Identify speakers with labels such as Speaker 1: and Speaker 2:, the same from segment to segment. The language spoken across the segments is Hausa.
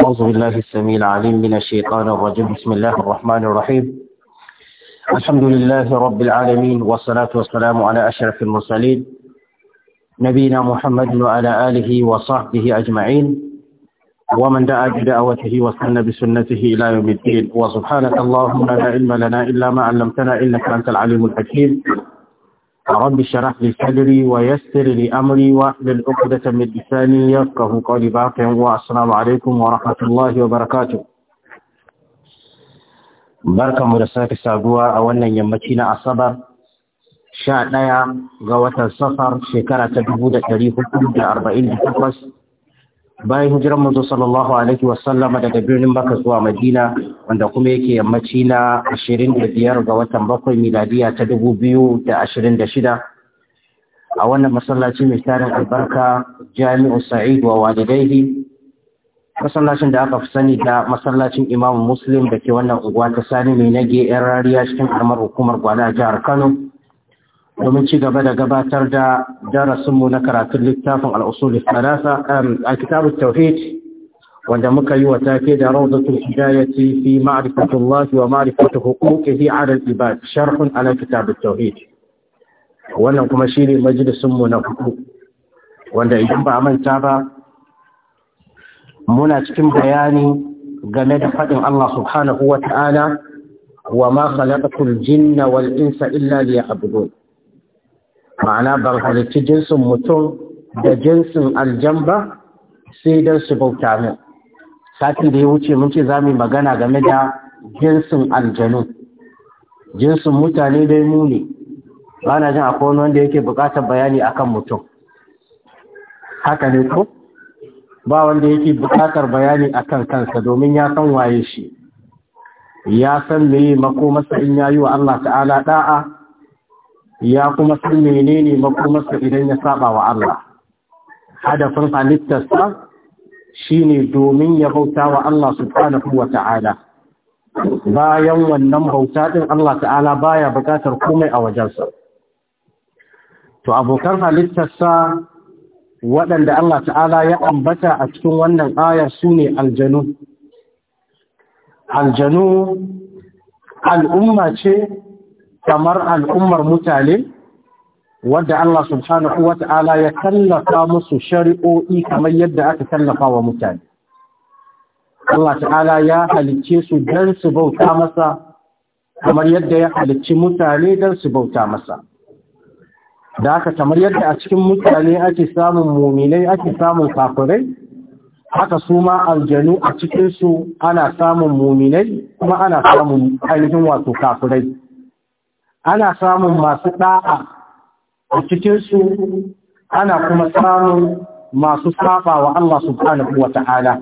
Speaker 1: أعوذ بالله السميع العليم من الشيطان الرجيم بسم الله الرحمن الرحيم الحمد لله رب العالمين والصلاة والسلام على أشرف المرسلين نبينا محمد وعلى آله وصحبه أجمعين ومن دعا بدعوته وسن بسنته إلى يوم الدين وسبحانك اللهم لا علم لنا إلا ما علمتنا إنك أنت العليم الحكيم رب اشرح لي صدري ويسر لي امري واحلل عقدة من لساني يفقهوا قولي باقي والسلام عليكم ورحمة الله وبركاته barkanmu da sake sabuwa a wannan yammaci na asabar sha ɗaya ga watan safar shekara ta dubu da ɗari hudu da arba'in da takwas bayan hijiran manzo sallallahu alaihi wasallama daga birnin Makka zuwa Madina wanda kuma yake yammaci na 25 ga watan bakwai miladiya ta 2026 a wannan masallaci mai tarin albarka Jami'u Sa'id wa walidaihi masallacin da aka fi sani da masallacin Imam Muslim da ke wannan unguwa ta Sani mai nage yan rariya cikin karamar hukumar gwana jihar Kano domin ci gaba da gabatar da darasinmu na karatun littafin al'usul salasa um, a kitabun tauhid wanda muka yi wa take da rawdatul hidayati fi ma'rifatullah wa ma'rifatu huquqihi fi al-ibad sharhun ala kitabut tauhid wannan kuma shi ne mu na hudu wanda idan ba manta ba muna cikin bayani game da faɗin Allah subhanahu wa ta'ala wa ma khalaqatul jinna wal insa illa liya'budun ma'ana ban halarci jinsin mutum da jinsin aljan ba sai don su bauta min satin da ya wuce mun ce za mu magana game da jinsin aljanu jinsin mutane dai mu ne ba na jin akwai wani wanda yake buƙatar bayani akan mutum haka ne ko ba wanda yake buƙatar bayani akan kansa domin ya san waye shi ya san me makomarsa in yayi wa Allah ta'ala da'a ya kuma san menene makomarsa idan ya saba wa Allah hadafin halittarsa shine domin ya bauta wa Allah subhanahu wa ta'ala bayan wannan bauta din Allah ta'ala baya bukatar komai a wajensa to abokan halittarsa waɗanda Allah ta'ala ya ambata a cikin wannan aya sune aljanu aljanu al'umma ce kamar al'ummar mutane wadda Allah subhanahu wa ta'ala ya tallafa musu shari'o'i kamar yadda aka tallafa wa mutane. Allah ta'ala ya halicce su don su bauta masa kamar yadda ya halicci mutane don su bauta masa. Da aka kamar yadda a cikin mutane ake samun muminai ake samun kafirai, haka su ma aljanu a cikinsu ana samun muminai kuma ana samun ainihin wato kafirai. ana samun masu ɗa'a a cikinsu ana kuma samun masu saba wa Allah subhanahu wa ta'ala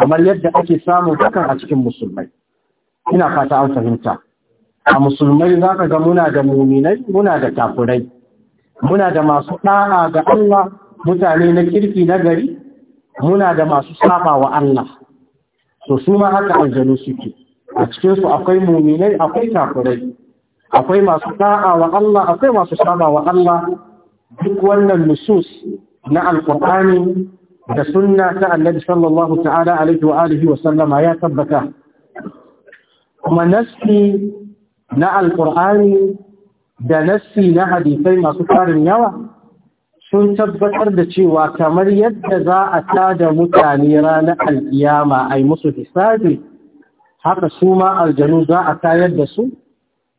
Speaker 1: kamar yadda ake samun hakan a cikin musulmai ina fata an fahimta a musulmai za ka ga muna da muminai muna da kafurai muna da masu ɗa'a ga Allah mutane na kirki na gari muna da masu saba wa Allah so su ma haka aljanu suke a cikinsu akwai muminai akwai kafurai akwai masu da'a wa Allah akwai masu saba wa Allah duk wannan nusus na Alƙur'ani da sunna ta annabi sallallahu ta'ala alaihi wa alihi wa sallama ya tabbata kuma nasi na Alƙur'ani da nasi na hadisai masu karin yawa sun tabbatar da cewa kamar yadda za a tada mutane ranar aliyama a yi musu hisabi haka su ma aljanu za a tayar da su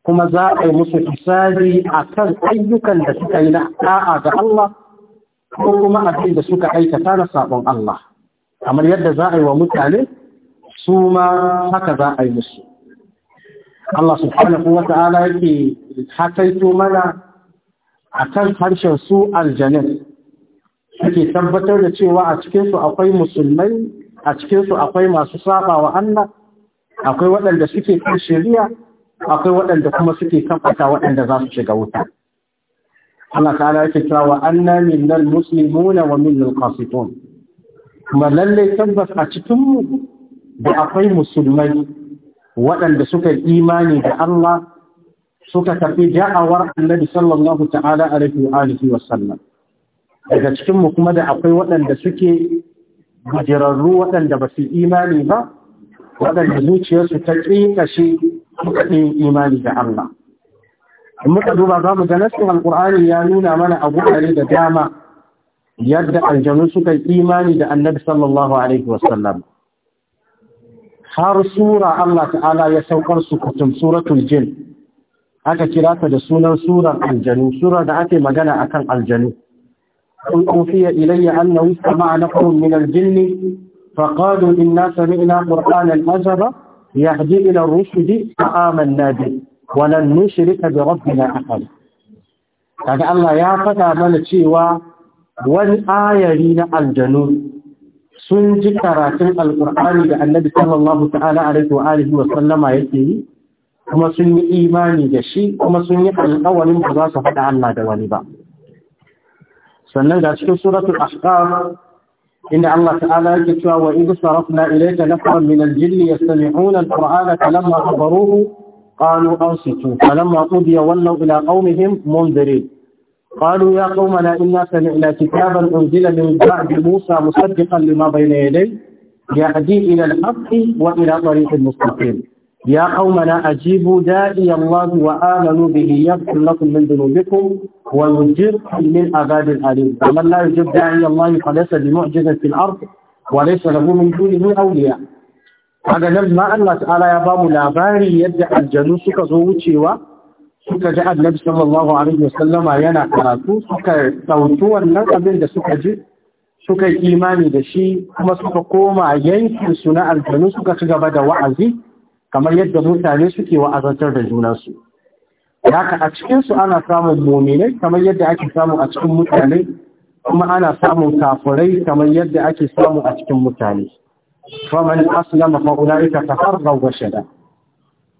Speaker 1: kuma za a yi musu isari a kan ayyukan da suka yi na da'a ga Allah ko kuma abin da suka aikata na sabon Allah kamar yadda za a yi wa mutane su ma haka za a yi musu Allah subhanahu wa ta'ala yake hataito mana a kan harshen su aljanin suke tabbatar da cewa a cikinsu akwai musulmai a cikinsu akwai masu sabawa wa Allah akwai waɗanda suke kan shari'a akwai waɗanda kuma suke tabbata waɗanda za su shiga wuta Allah ta'ala yake cewa wa anna minnal muslimuna wa minnal qasitun kuma lalle tabbas a cikin mu da akwai musulmai waɗanda suka imani da Allah suka tafi da'awar Annabi sallallahu ta'ala alaihi wa alihi wa sallam daga cikin mu kuma da akwai waɗanda suke gujirarru waɗanda ba su imani ba waɗanda zuciyarsu ta kashe muka yi imani da Allah in muka duba za mu ga nassin alqur'ani ya nuna mana abu gurare da dama yadda aljanu suka yi imani da annabi sallallahu alaihi wasallam har sura Allah ta'ala ya saukar su kutum suratul jin aka kira ta da sunan surar aljanu sura da ake magana akan aljanu قل أوحي إلي أنه استمع نفر من الجن inna sami ina ƙur'anin azaba. يهدي إلى الرشد فآمنا به ولن نشرك بربنا أحدا kaga Allah ya faɗa mana cewa wani ayari na aljanu sun ji karatun Alƙur'ani da annabi sallallahu ta'ala alaihi wa alihi wa sallama yake yi kuma sun yi imani da shi kuma sun yi alƙawarin ba za su haɗa Allah da wani ba sannan ga cikin suratul ahqaf إن الله تعالى يكتوى وإذ صرفنا إليك نفرا من الجن يستمعون القرآن فلما حضروه قالوا أنصتوا فلما قضي ولوا إلى قومهم منذرين قالوا يا قومنا إنا سمعنا كتابا أنزل من بعد موسى مصدقا لما بين يديه يهدي إلى الحق وإلى طريق المستقيم يا قومنا أجيبوا داعي الله وآمنوا به يغفر لكم من ذنوبكم ويجركم من عذاب أليم فمن لا يجيب داعي الله فليس بمعجزة في الأرض وليس له من دونه أولياء هذا لما الله تعالى يا باب الأباري يدعى الجنوس كزوجيوة suka ji annabi sallallahu alaihi wasallama yana karatu suka dauki wannan abin da suka ji suka imani da shi kuma suka koma yankin su na aljanu suka ci gaba da wa'azi kamar yadda mutane suke wa'azantar da junansu haka a cikinsu ana samun mominai kamar yadda ake samu a cikin mutane kuma ana samun kafurai kamar yadda ake samu a cikin mutane faman aslama fa ulaika tafarraw wa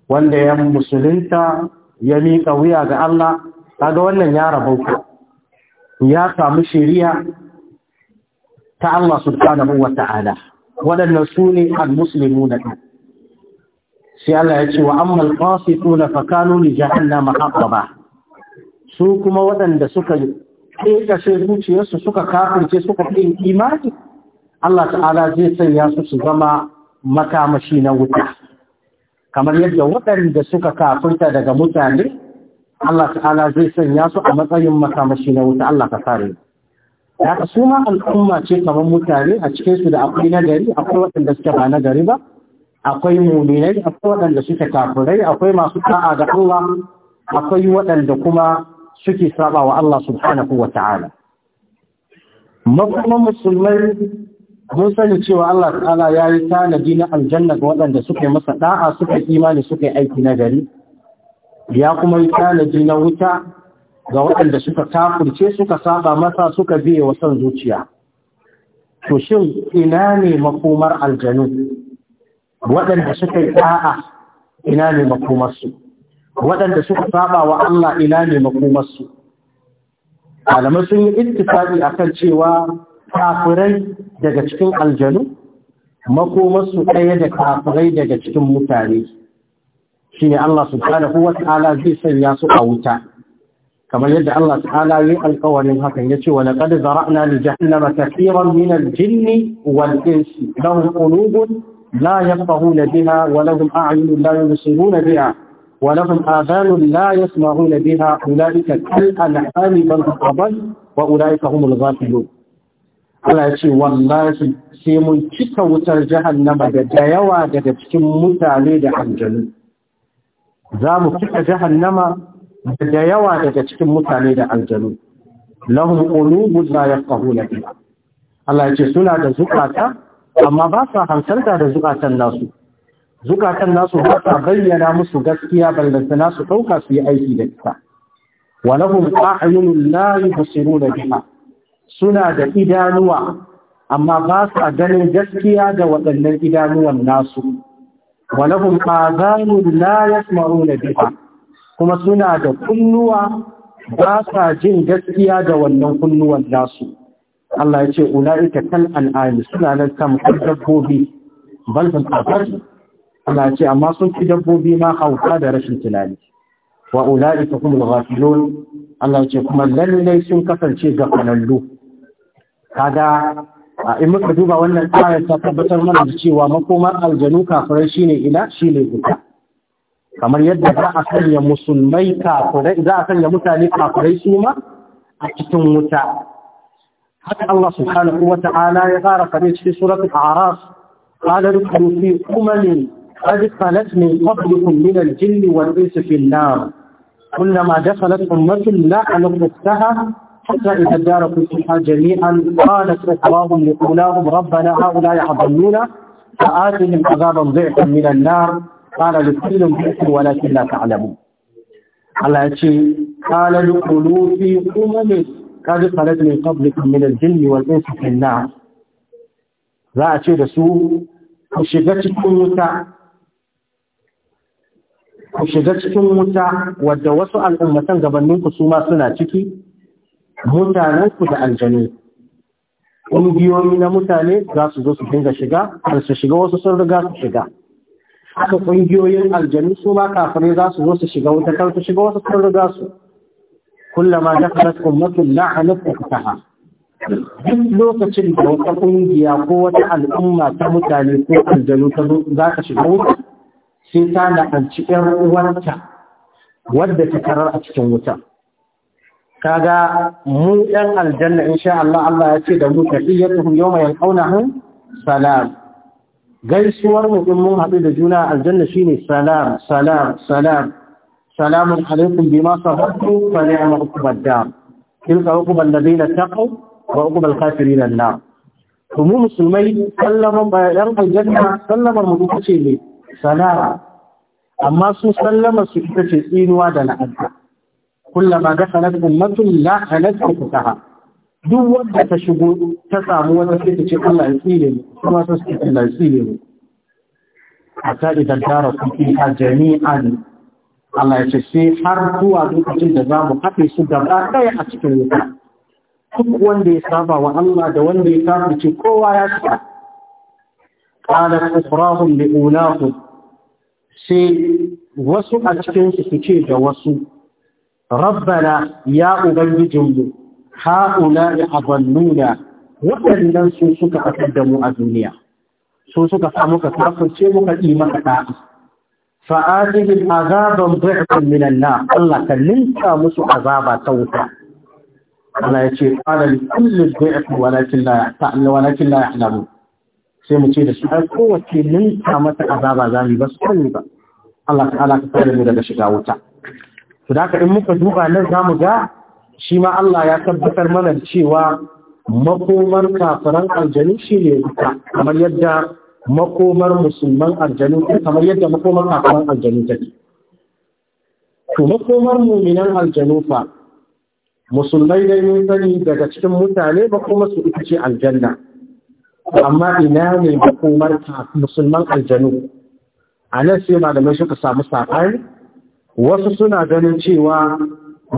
Speaker 1: wanda ya musulunta ya miƙa wuya ga Allah kaga wannan ya rabauta ya samu shari'a ta Allah subhanahu wa ta'ala waɗannan su ne al-muslimuna sai Allah ya ce wa ammal qasituna fakanu li jahannama haqaba su kuma waɗanda suka ƙeƙashe zuciyarsu suka kafirce suka ƙin imani Allah ta'ala zai sanya su su zama makamashi na wuta kamar yadda waɗanda suka kafirta daga mutane Allah ta'ala zai sanya su a matsayin makamashi na wuta Allah ka kare haka su ma al'umma ce kamar mutane a cikinsu da akwai nagari akwai waɗanda suke ba nagari ba akwai muminai akwai waɗanda suke kafirai akwai masu ta'a ga Allah akwai waɗanda kuma suke saba wa Allah subhanahu wa ta'ala musulmai mun sani cewa Allah ta'ala ya yi tanadi na aljanna ga waɗanda suke masa ɗa'a, suke imani suke aiki na gari ya kuma yi tanadi na wuta ga waɗanda suka kafurce suka saba masa suka biye wa son zuciya to shin ina ne makomar aljanu waɗanda suka yi ɗa'a ina ne makomarsu waɗanda suka saba wa Allah ina ne makomarsu malamai sun yi a kan cewa kafirai daga cikin aljanu makomarsu ɗaya da kafirai daga cikin mutane shine Allah subhanahu wa ta'ala zai sanya su a wuta kamar yadda Allah ta'ala yi alƙawarin hakan ce wa laqad zara'na li jahannama kathiran min al-jinni wal insi lahum qulubun لا يفقهون بها ولهم أعين لا يبصرون بها ولهم آذان لا يسمعون بها أولئك كالأنعام بل أضل وأولئك هم الغافلون Allah ya ce wallahi sai mun cika wutar jahannama da da yawa daga cikin mutane da aljanu za mu cika jahannama da da yawa daga cikin mutane da aljanu lahum qulubun la yafqahuna biha Allah ce suna da zukata amma ba sa hansalta da zukatan nasu zukatan nasu ba sa bayyana musu gaskiya ballanta nasu ɗauka su yi aiki da ita wa lahum a'yunun la yubsiruna biha suna da idanuwa amma ba sa ganin gaskiya da waɗannan idanuwan nasu wa azanun la na biha kuma suna da kunnuwa ba sa jin gaskiya da wannan kunnuwan nasu Allah ya ce ula'ika kan an'ami suna nan kan dabbobi bal sun Allah ya ce amma sun fi dabbobi ma hauka da rashin tunani wa ula'ika kuma ghafilun Allah ya ce kuma lallai sun kasance ga kanallu kaga in muka duba wannan ayar ta tabbatar mana da cewa makomar aljanu kafirai ne ina shi ne wuta kamar yadda za a sanya musulmai kafirai za a sanya mutane kafirai su ma a cikin wuta haka Allah subhanahu wa ta'ala ya fara kare cikin suratul a'raf qala rabbukum fi ummi qad khalat min qablikum min al-jinn wal insi fi an-nar kullama dakhalat ummatun la anqadtaha حتى إذا داركوا فيها جميعا قالت أخواهم لأولاهم ربنا هؤلاء يحضنون فآتهم عذابا ضعفا من النار قال لكل حكم ولكن لا تعلمون على أشي قال لقلوا في أمم قد خلت من قبلكم من الجن والإنس في النار za a ce da su ku shiga cikin wuta wadda wasu al'ummatan gabaninku su ma suna ciki mutanenku da aljani. ƙungiyoyi na mutane za su zo su dinga shiga har su shiga wasu sun riga su shiga haka ƙungiyoyin aljani su ma kafirai za su zo su shiga wuta kar su shiga wasu sun riga su kullama dakalat ummatun la'anat ukhtaha duk lokacin da wata ƙungiya ko wata al'umma ta mutane ko aljanu ta zo za ka shiga wuta sai ta la'anci 'yan uwarta wadda ta karar a cikin wuta kaga mu 'yan aljanna insha Allah Allah ya ce da mu taqiyatuhum yawma yalqawnahu salam gaisuwar mu in mun haɗu da juna aljanna shine salam salam salam سلام عليكم بما صبرتم فنعم عقب الدار تلك عقب الذين اتقوا وعقب الكافرين النار kuma musulmai sallama 'yan aljanna sallamar mu ita ce ne sanara. amma su sallama su ita ce tsinuwa da la'anta kullama ga sanat ummatun la hanat fukaha duk wanda ta shigo ta samu wata sai ta ce Allah ya tsire mu kuma sai ta Allah ya tsire mu ta idan tara su fi jami'an Allah ya ce sai har zuwa lokacin da za mu haɗe su gaba ɗaya a cikin wuta. Duk wanda ya saba wa Allah da wanda ya saba ce kowa ya saba. Ƙalar Ibrahim da Ulahu sai wasu a cikinsu su ce da wasu, Rabbana ya ubangijin mu ha'ula da abannuna waɗannan su suka ƙasar da mu a duniya. Su suka samu ka kafin ce muka ɗi maka ɗa'a. fa'adihim azaban bi'in minan na Allah ka linka musu azaba ta wuta Allah ya ce qala li kulli bi'in walakin la ta'lamu walakin la sai mu ce da su ai kowace linka mata azaba zami ba su sani ba Allah ala ka tsare mu daga shiga wuta Su da in muka duba nan za mu ga shi ma Allah ya tabbatar mana cewa makomar kafiran aljanu shi ne wuta kamar yadda makomar musulman aljanu kamar yadda makomar kakaman aljanu take to makomar muminan aljanu fa musulmai dai yin sani daga cikin mutane ba kuma su ita ce aljanna amma ina ne makomar musulman aljanu a nan sai malamai suka samu saɓani wasu suna ganin cewa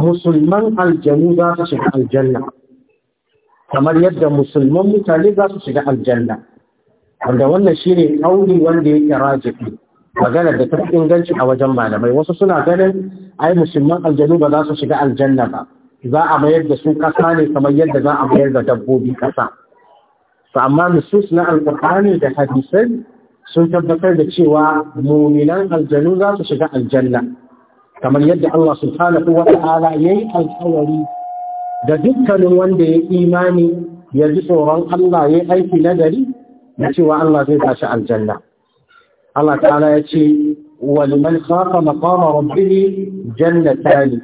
Speaker 1: musulman aljanu za su shiga aljanna kamar yadda musulman mutane za su shiga aljanna wanda wannan shine kauli wanda yake rajifi magana da ta inganci a wajen malamai wasu suna ganin ai musulman aljanu ba za su shiga aljanna ba za a mayar da su kasa ne kamar yadda za a mayar da dabbobi kasa to amma nusus na alqur'ani da hadisai sun tabbatar da cewa muminan aljanu za su shiga aljanna kamar yadda Allah subhanahu wa ta'ala yayi alƙawari da dukkanin wanda ya imani ya ji tsoron Allah ya aiki nagari na cewa Allah zai shi aljanna Allah ta'ala ya ce waliman khafa maqama rabbih jannatan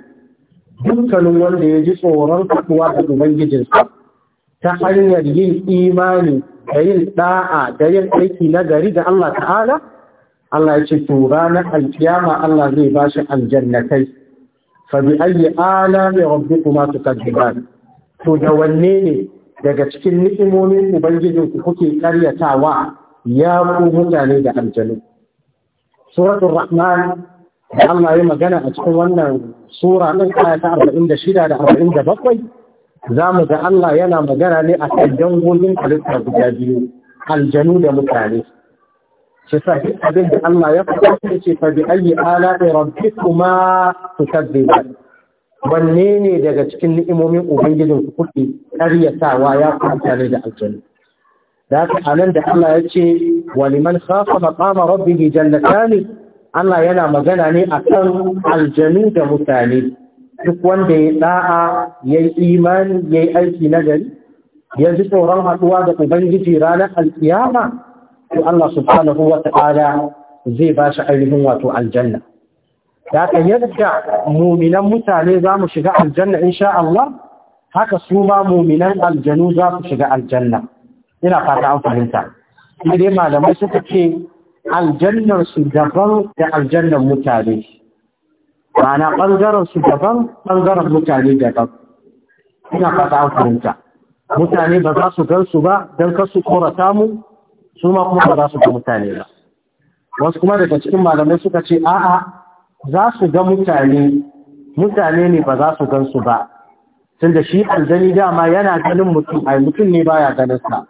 Speaker 1: dukkanin wanda ya ji tsoron kafuwa da ubangijinsa ta hanyar yin imani da yin ɗa'a da yin aiki na gari da Allah ta'ala Allah ya ce to na alkiyama Allah zai bashi aljannatai fa bi ayyi ala bi rabbikuma tukadiban to da wanne ne daga cikin ni'imomin ubangijin ku kuke karyatawa ya ku mutane da aljanu suratul rahman da Allah ya magana a cikin wannan sura ɗin aya ta arba'in da bakwai. za mu ga Allah yana magana ne a kan dangogin halitta guda biyu aljanu da mutane shi sa abin da Allah ya faɗa ce fa bi ayi ala rabbikuma tukazziban wanne ne daga cikin ni'imomin ubangijin ku kuɗi, karyatawa ya ku ne da aljanna da haka anan da Allah ya ce waliman khafa maqama rabbih jannatani Allah yana magana ne akan aljanu da mutane duk wanda ya da'a yayi imani yi aiki gari? ya ji tsoron haɗuwa da ubangiji ranar alkiyama to Allah subhanahu wa ta'ala zai ba shi ainihin wato aljanna haka yadda muminan mutane za mu shiga aljanna in Allah haka su ma muminan aljanu za su shiga aljanna ina fata an fahimta sai dai malamai suka ce aljannar su daban da aljannan mutane mana bangaren su daban ɓangaren mutane daban ina fata an fahimta mutane ba za su gan su ba don ka su korata mu su ma kuma ba za su ga mutane ba wasu kuma daga cikin malamai suka ce a'a za su ga mutane mutane ne ba za su gansu su ba tunda shi aljani dama yana ganin mutum ai mutum ne baya ganin sa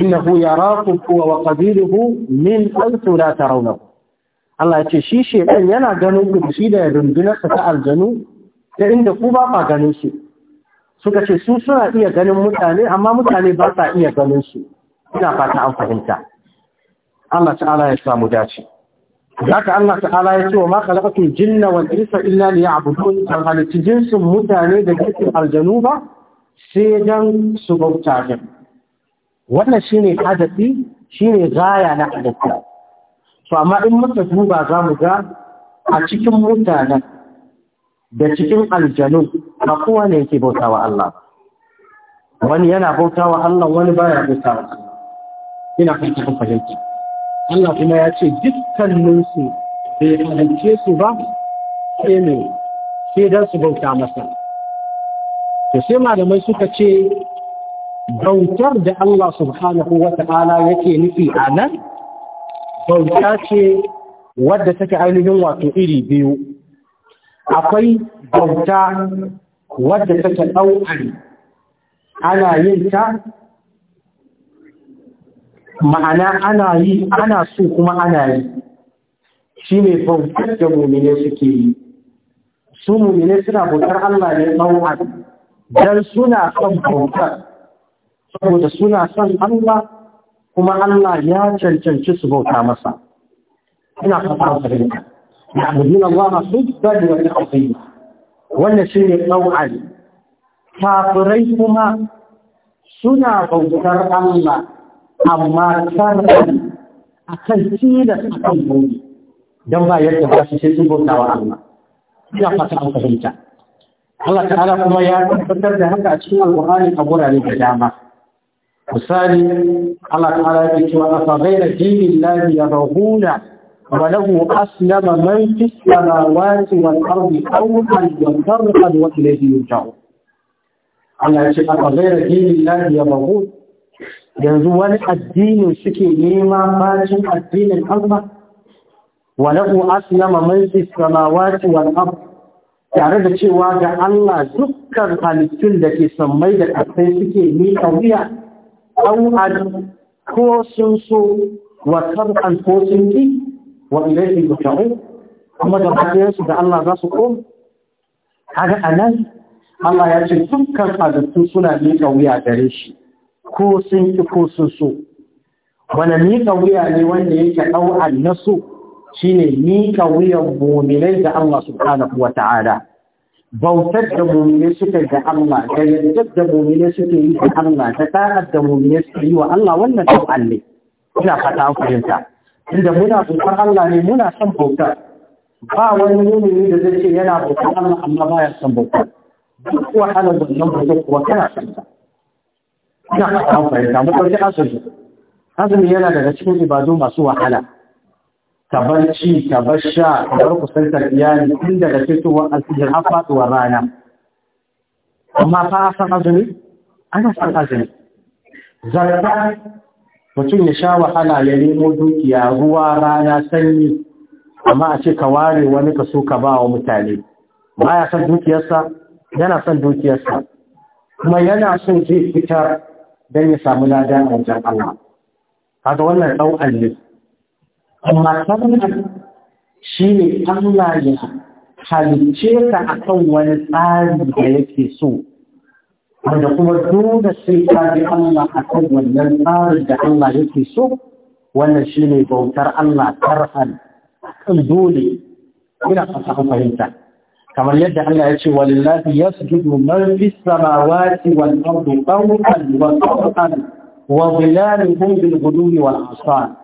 Speaker 1: innahu yarakum huwa wa qabiluhu min haythu la tarawna Allah ya ce shi shedan yana ganin ku shi da rundunar sa ta aljanu ta inda ku ba ma ganin shi suka ce su suna iya ganin mutane amma mutane ba sa iya ganin su ina fata an fahimta Allah ta'ala ya samu dace haka Allah ta'ala ya ce wa ma khalaqatul jinna wal insa illa liya'budun kan halitta jinsin mutane da jinsin aljanu ba sai dan su bauta ga wannan shine hadafi shine gaya na hadafi to amma in muka duba za mu ga a cikin mutanen da cikin aljanu ba kowa ne yake bauta wa Allah wani yana bauta wa Allah wani baya bauta wa Allah ina fahimta fahimta Allah kuma ya ce dukkaninsu bai halarce su ba sai ne, sai don su bauta masa. To sai malamai suka ce bautar da Allah subhanahu wa ta'ala yake nufi a nan bauta ce wadda take ainihin wato iri biyu. Akwai bauta wadda take ɗau'ari ana yin ta ma'ana ana yi ana so kuma ana yi shi ne bautar da mummune suke yi su mummune suna bautar Allah ne ɗau'ad don suna son bautar saboda suna son Allah kuma Allah ya cancanci su bauta masa ina fata fahimta ya abudin Allah su gani wani alfahimta wannan shi ne ɗau'ad kafirai kuma suna bautar Allah amma sarrafa a kan tilas a kan gobe don ba yadda ba su sai sun bauta wa Allah ina fata an fahimta Allah ta'ala kuma ya tabbatar da haka a cikin alƙur'ani a gurare da dama misali Allah ta'ala ya ce wa afa ghayra dinin lahi yarghuna wa lahu aslama man fi samawati wal ardi awhan wa tarqan wa ilayhi yurja'un Allah ya ce afa ghayra dinin lahi yarghuna yanzu wani addini suke nema bacin addinin Allah walahu aslama man fi samawati wal ardh tare da cewa ga Allah dukkan halittun da ke sammai da kasai suke nika wuya au ko sun so wa tab'an ko sun ki wa ilayhi yurja'un kuma da su da Allah za su koma kaga anan Allah ya ce dukkan halittun suna miƙa wuya gare shi ko sun ki ko sun so wani miƙa wuya ne wanda yake ɗau'an na so shi ne miƙa wuyan mominai da Allah subhanahu wa ta'ala bautar da mominai suka ga Allah da yadda da mominai suka yi da Allah da ta'ar da mominai suka yi wa Allah wannan ɗau'an ne ina fata fahimta inda muna bautar Allah ne muna son bautar ba wani mumini da zai ce yana bautar Allah amma ya son bautar duk wahalar wannan bautar kuwa kana son ta ina azumi azumi yana daga cikin ibadu masu wahala kabar ci kabar sha bar kusantar iyali inda daga fitowar alfijir har rana amma fa san azumi ana san azumi zarta mutum ya sha wahala ya nemo dukiya ruwa rana sanyi amma a ce ka ware wani so ka ba wa mutane ba ya san dukiyarsa yana son dukiyarsa kuma yana son zai fitar don ya samu lada a wajen Allah kaga wannan ɗau'an ne amma saboda shi ne Allah ya halicce ka a kan wani tsari da yake so wanda kuma dole sai ka bi Allah a kan wannan tsarin da Allah yake so wannan shi ne bautar Allah tarhan kan dole ina fasa fahimta kamar yadda Allah ya ce walillahi yasjudu man fis samawati wal ardi tawqan wa tawqan wa dhilaluhum bil ghudumi wal asal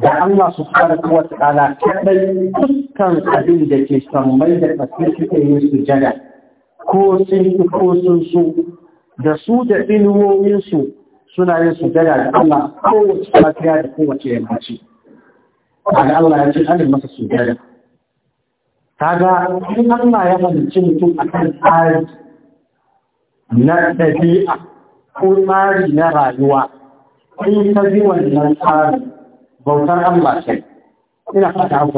Speaker 1: da Allah subhanahu wa ta'ala kadai dukkan abin da ke sammai da kasar suke yin sujada ko sun ko sun su da su da inuwoyin su suna yin sujada da Allah kowace safiya da kowace yammaci Allah ya ce an masa sujada kaga in Allah ya halicci mutum akan tsari na ɗabi'a ko tsari na rayuwa in ka bi wannan tsari bautar Allah ce ina fata an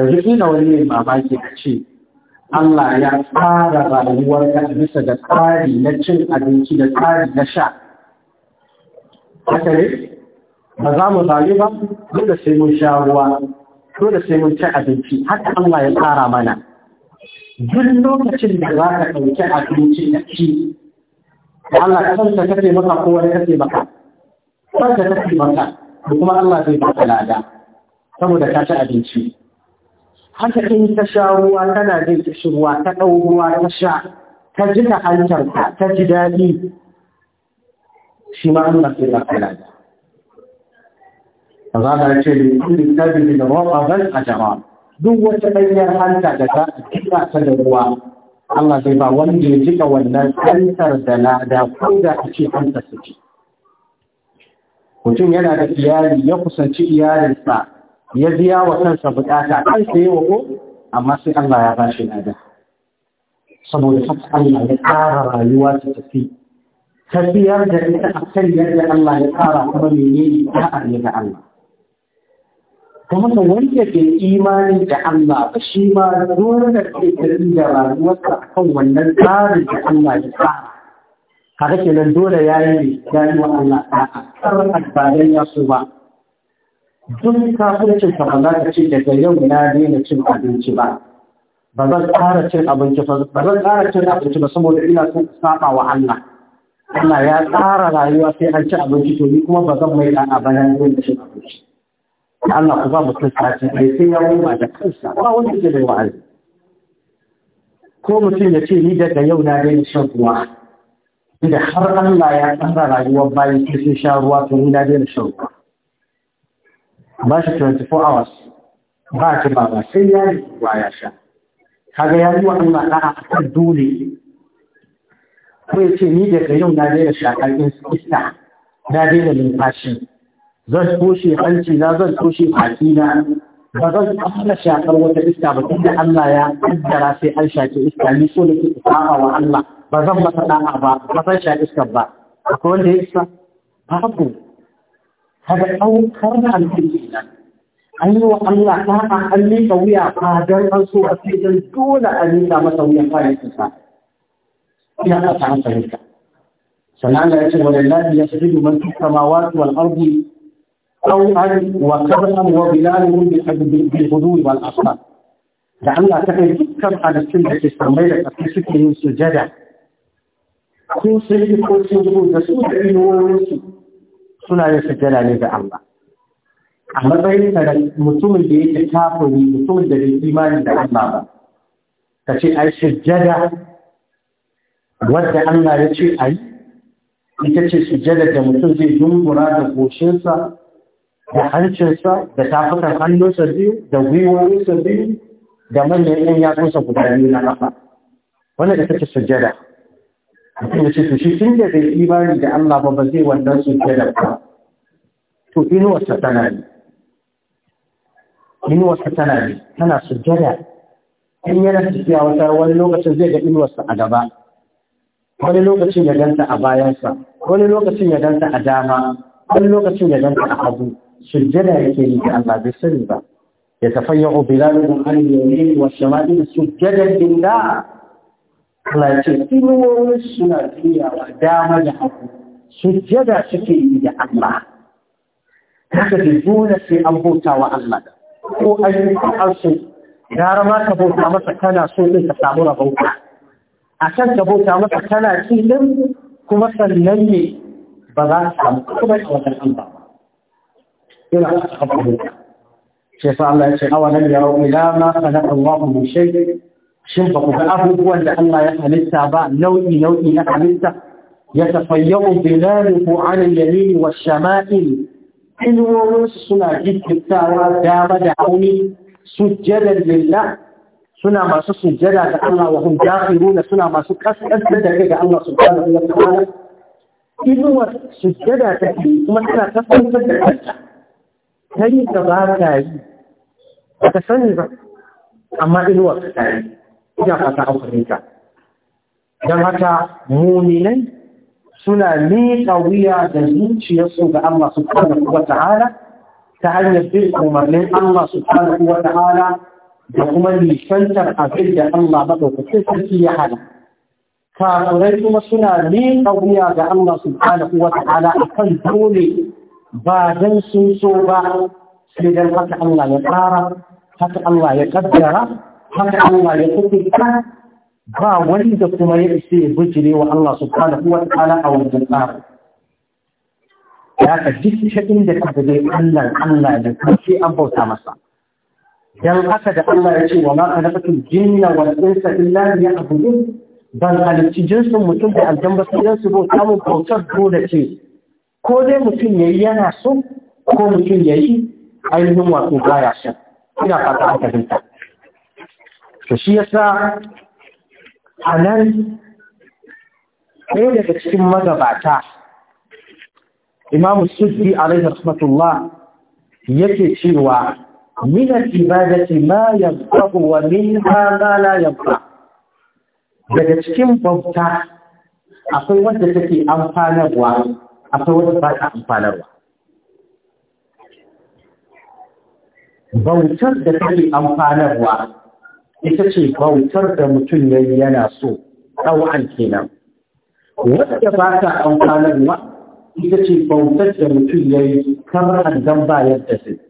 Speaker 1: yanzu ina wani ne mamaki a ce Allah ya tsara rayuwar ka bisa da tsari na cin abinci da tsari na sha haka ne ba za mu rayu ba duk da sai mun sha ruwa dole sai mun ci abinci haka Allah ya tsara mana duk lokacin da za ka ɗauki abinci da ci Allah ka san ka kace maka ko wani kace maka san ka taimaka, maka kuma Allah zai baka lada saboda ka ci abinci haka in ta sha ruwa tana jin kishirwa ta ɗau ruwa ta sha ta ji ta hantarka ta ji daɗi shi ma Allah zai baka lada za da ce da yi ƙarfi da rawar a duk wata ɗanyar hanta da ta kira da ruwa Allah zai ba wanda ya jika wannan hantar da na da ko da a ce hantar su ce mutum yana da iyali ya kusanci iyalinsa ya biya wa kansa buƙata kan sai yi ko amma sai Allah ya ba shi na saboda fata Allah ya tsara rayuwa ta tafi tafiyar da ita a kan yadda Allah ya tsara kuma menene ta'ar ya ga Allah kuma da wanda ke imani da Allah ba shi ma dole da ke tafi da rayuwarsa kan wannan tsarin da Allah ya sa ke nan dole ya yi ya yi wa Allah a tsarin albadan ya so ba duk kafircin ka ba za ka ce daga yau na daina cin abinci ba ba zan ƙara cin abinci ba ba zan cin abinci ba saboda ina son saba wa Allah Allah ya tsara rayuwa sai an ci abinci to ni kuma ba zan mai da'a abana ne cin abinci Allah ku ba mutum sati ɗaya sai ya koma da kansa ba wanda ke da wa'azi ko mutum ya ce ni daga yau na daina shan ruwa inda har Allah ya tsara rayuwar bayan sai sun sha ruwa to ni na daina shan ruwa ba shi 24 hours ba shi ba ba sai ya yi ruwa ya sha kaga ya yi wa Allah ɗa'a a kan dole ko ya ce ni daga yau na daina shakar iska na daina numfashi zan toshe hanci na zan toshe baki na ba zan fara shakar wata iska ba tunda Allah ya kaddara sai an shaki iska ni so nake tsara wa Allah ba zan masa da'a ba ba zan shaki iska ba akwai wanda ya isa babu kaga daukar alƙur'ani nan an yi wa Allah da'a an miƙa wuya ba dan an so a cikin dole an miƙa masa wuya fara kisa ina ta fahimta sannan Allah ya ce walillahi yasjudu man fis samawati wal ardi طوعا وكرها وبلادهم da Allah ta kai dukkan halittun da ke da sujada ko sun yi ko sun da su da a matsayin ka da mutumin da yake mutumin da bai imani da Allah ba ka ce ai sujada wadda Allah ya ce ai ita ce sujada da mutum zai dungura da goshinsa da harcinsa da tafukan hannunsa biyu da gwiwoyinsa biyu da manyan yan yatsunsa guda biyu na nafa wanda da kake sujjada a ya ce to shi tun da bai imani da Allah ba ba zai wannan sujjada ba to inuwarsa tana ne inuwarsa tana ne tana sujjada in yana tafiya wata wani lokacin zai ga inuwarsa a gaba wani lokacin ya danta a bayansa wani lokacin ya danta a dama wani lokacin ya danta a hagu sujjada yake yi ga Allah bai sani ba ya tafayyahu bilalun an yamin wa shamali sujjadan lillah Allah ya ce inuwoyin suna juyawa dama da hagu sujjada suke yi da Allah haka da dole sai an bauta wa Allah ko an yi an so gara ma ka bauta masa kana so din ka samu rabauta a kan ka bauta masa kana ci din kuma sannan ne ba za ka samu kuma a wajen Allah ba yana sababu shi yasa Allah ya ce awalan yarau ila ma khalaqa Allahu min shay shin ba ku ga abubuwan da Allah ya halitta ba nau'i nau'i na halitta ya tafayyu bilaluhu ala al-yamin wa shamail inuwoyin suna jikkitawa dama da hauni sujjadar lillah suna masu sujjada ga Allah wa hum suna masu kaskantar da kuma tana kaskantar da kanta kai da ba ka yi ba ka sani ba amma inuwa ka ta yi ina fata an fahimta don haka muminai suna miƙa wuya da zuciyarsu ga Allah subhanahu wa ta'ala ta hanyar bin umarnin Allah subhanahu wa ta'ala da kuma nisantar abin da Allah maɗaukacin sarki ya hana. Karurai kuma suna miƙa wuya ga Allah subhanahu wa ta'ala a kan dole ba don sun so ba sai don haka Allah ya tsara haka Allah ya kaddara haka Allah ya kuka ba wani da kuma ya isa ya bujire wa Allah su kwana kuwa tsara a wani tsara ya ka duk ta inda ka zai Allah Allah da kace an bauta masa dan haka da Allah ya ce wa ma khalaqatul jinna wal insa illa liya'budun ban halicci jinsin mutum da aljan ba sai su bauta mu bautar dole ce ko dai mutum ya yi yana so ko mutum ya yi ainihin wato baya shan ina fata an fahimta to shi ya sa a nan ɗaya daga cikin magabata imamu a rai rahmatullah yake cewa min al-ibadati ma yanfa'u wa minha ma la yanfa daga cikin bauta akwai wanda take amfanarwa akwai wata ba ta amfanarwa bautar da take amfanarwa ita ce bautar da mutum ya yi yana so ɗau'an kenan wadda ba ta amfanarwa ita ce bautar da mutum ya yi kamar hanzan ba yadda sai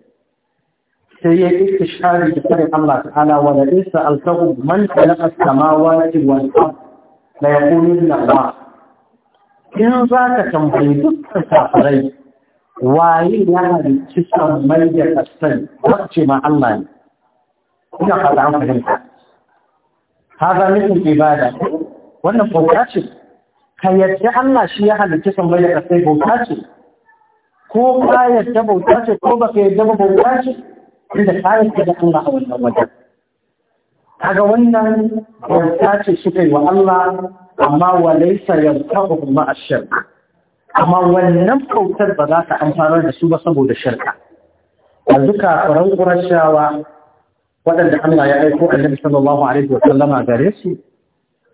Speaker 1: sai ya iska shari da kare Allah ta'ala wa la isa alkahu man khalaqa as-samawati wal ard la ba. in za ka tambayi dukkan safarai waye ya halicci sammai da kasai za ce ma Allah ne ina fata an fahimta haza nufin ibada wannan bauta ce ka yadda Allah shi ya halicci sammai da kasai bauta ce ko ka yadda bauta ce ko ba ka yadda ba bauta ce inda ka yadda da Allah a wannan wajen kaga wannan bauta ce suka yi wa Allah amma walaisa yantahu a shirka amma wannan kautar ba za ta amfanar da su ba saboda shirka A duka kafiran ƙurashawa waɗanda Allah ya aiko annabi sallallahu alaihi wa sallama gare su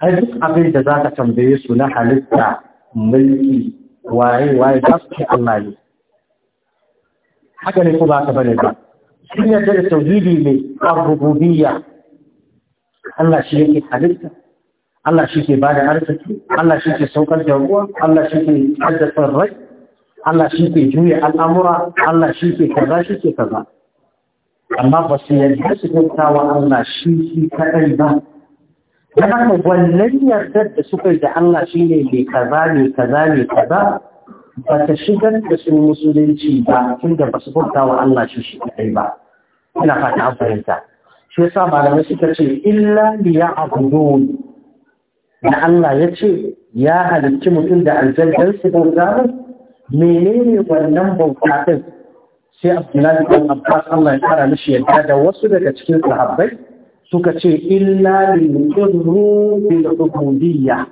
Speaker 1: ai duk abin da za ka tambaye su na halitta mulki waye waye za su ce Allah ne haka ne ku ba ka bane ba sun ne da tauhidi ne a rububiyya Allah shi yake halitta Allah shi ke ba da arziki, Allah shi ke saukar da ruwa, Allah shi ke haddasa rai, Allah shi ke juya al'amura, Allah shi ke kaza shi ke kaza. Amma ba su yarda su kyauta wa Allah shi shi kaɗai ba. Da haka wannan yardar da suka yi da Allah shi ne mai kaza ne, kaza ne, kaza ba ta shigar da su musulunci ba tunda ba su kyauta wa Allah shi shi kaɗai ba. Ina fata an fahimta. Shi yasa malamai ce illa liya abudun na Allah ya ce ya halicci mutum da aljannar su bauta menene wannan bauta ɗin sai Abdullahi ɗan Abbas Allah ya fara mishi yadda da wasu daga cikin sahabbai suka ce illa mutum rubin da ubudiyya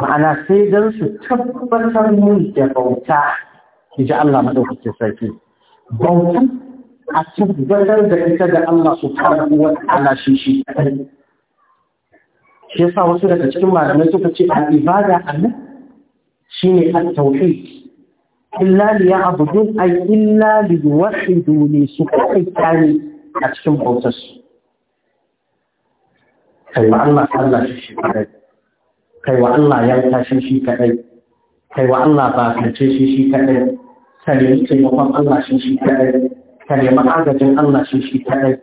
Speaker 1: ma'ana sai dan su tabbatar mun da bauta ji Allah maɗaukacin sarki bauta a tabbatar da ita da Allah su wata ala shi shi shi yasa wasu daga cikin malamai suka ce al ibada annan shine at tauhid illa li ya'budu ay illa li yuwahhidu li sukaitani a cikin bautar su kai wa Allah Allah shi kadai kai wa Allah ya ta shi kadai kai wa Allah ba ce shi shi kadai kai ne taimakon Allah shi shi kadai kai ne ma'agajin Allah shi shi kadai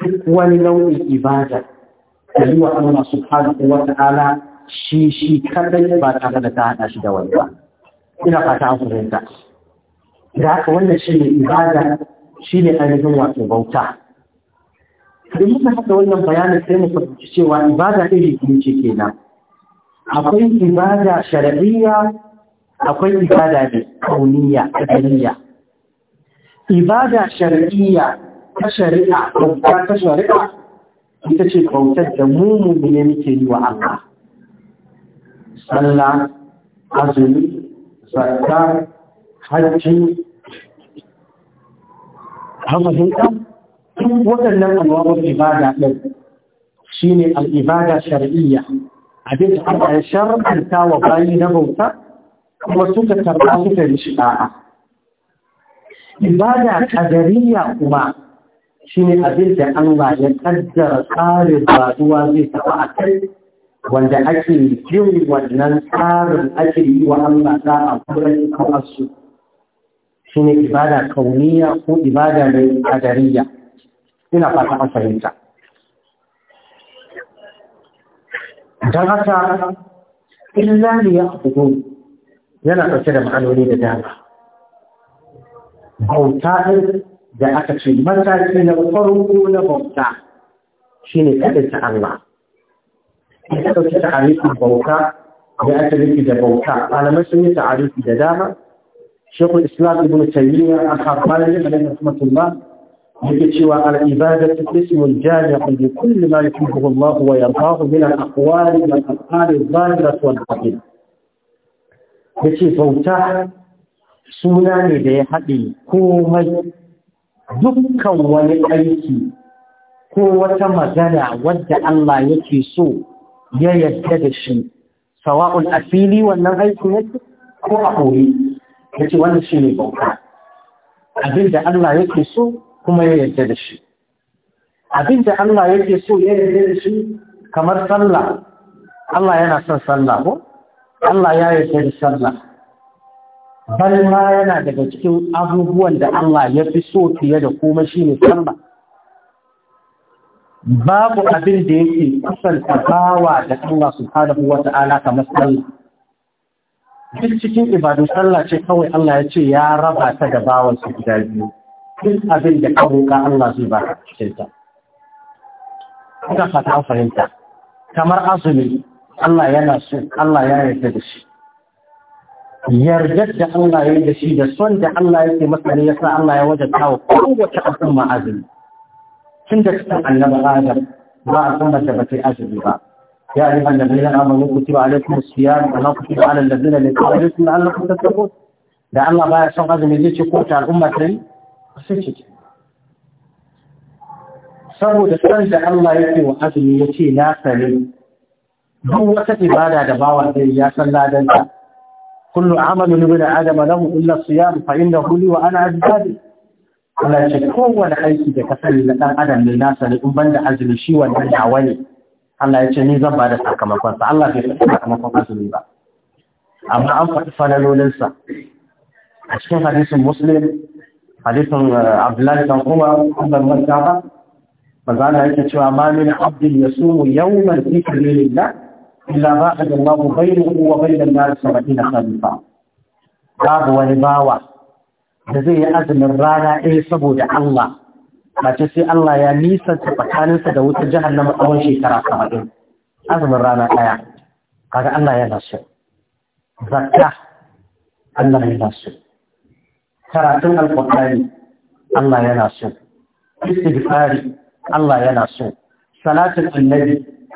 Speaker 1: duk wani nau'in ibada ka wa Allah subhanahu wa ta'ala shi shi kadai ba tare da ta hada shi da wani ba ina fata an fahimta da haka wannan shi ne ibada shi ne ainihin wato bauta da muka haɗa wannan bayanin sai mu fahimci cewa ibada iri biyu ce kenan akwai ibada shar'iyya akwai ibada ne kauniya kadariya ibada shar'iyya ta shari'a ta shari'a ita ce bautar da mu ne muke yi wa Allah sallah azumi zakka hajji hamdin ka duk waɗannan anwar ibada din shine al-ibada shar'iyya abin da Allah ya shar'anta wa bayi na bauta kuma suka tarba suka yi shi'a ibada qadariyya kuma shi ne abin da Allah ya kaddara tsarin faruwa zai taɓa a kai wanda ake jin wannan tsarin ake yi wa Allah za a kurai kawarsu shi ne ibada kauniya ko ibada mai kadariya ina fata a fahimta don haka illa ne ya kudu yana ɗauke da ma'anoni da dama bauta ɗin da aka ce mataki na farko na bauta shi ne kaɗaita Allah. Ita ɗauki ta'arifin bauta da aka rufi da bauta, malamai sun yi ta'arifi da dama. Shekul Islam Ibn Taymiyyah a kafin yin da rahmatullah yake cewa al'ibada ta ismul jami'a bi kulli ma yuhibbu Allah wa yardahu min al-aqwali wal af'ali adh-dhahirati wal batinah. Yace bauta suna ne da ya haɗe komai dukkan wani aiki ko wata magana wadda Allah yake so ya yarda da shi sawa'un asili wannan aikin yake ko a koyi wani wannan ne bauta abin da Allah yake so kuma ya yarda da shi abin da Allah yake so ya yarda da shi kamar sallah Allah yana son sallah ko Allah ya yarda da sallah bal yana daga cikin abubuwan da Allah ya fi so fiye da kuma shi ne sallah babu abin da yake kusanta bawa da Allah subhanahu wata'ala kamar sallah duk cikin ibadun sallah ce kawai Allah ya ce ya raba ta da su guda biyu duk abin da kabuka Allah zai ba cikin ta ina fata fahimta kamar azumi Allah yana so Allah ya yarda da shi yardar da Allah ya yi da shi da son da Allah yake masani ya sa Allah ya wajata wa kowace al'umma azumi tun da cikin annabi Adam ba a san mace ba sai azumi ba ya yi ayyuhan annabiyina amanu kutiba alaykumus siyam kama kutiba alal ladzina min qablikum la'allakum tattaqun da Allah baya son azumi zai ce ko ta al'umma ta yi sai ce saboda son da Allah yake wa azumi ce na sani duk wata ibada da bawa zai ya san ta. كل عمل لابن آدم له إلا الصيام فإنه لي وأنا أجدادي Allah ce kowane aiki da ka na ɗan adam ne nasa ne in banda azumi shi wanda nawa ne Allah ya ce ni zan da sakamakon sa Allah bai faɗi sakamakon azumi ba amma an faɗi falalolin a cikin hadisin muslim hadisin Abdullahi dan Umar ban manta ba za Allah yake cewa ma min abdin yasumu yawman fi sabilillah illa ba'ada Allahu bainahu wa bainan nas sab'ina khalifa babu wani bawa da zai yi azumin rana ɗaya saboda Allah ba ce sai Allah ya nisanta tsakaninsa da jihar na tsawon shekara saba'in azumin rana ɗaya kaga Allah yana so zakka Allah yana so karatun alƙur'ani Allah yana so istighfari Allah yana so salatin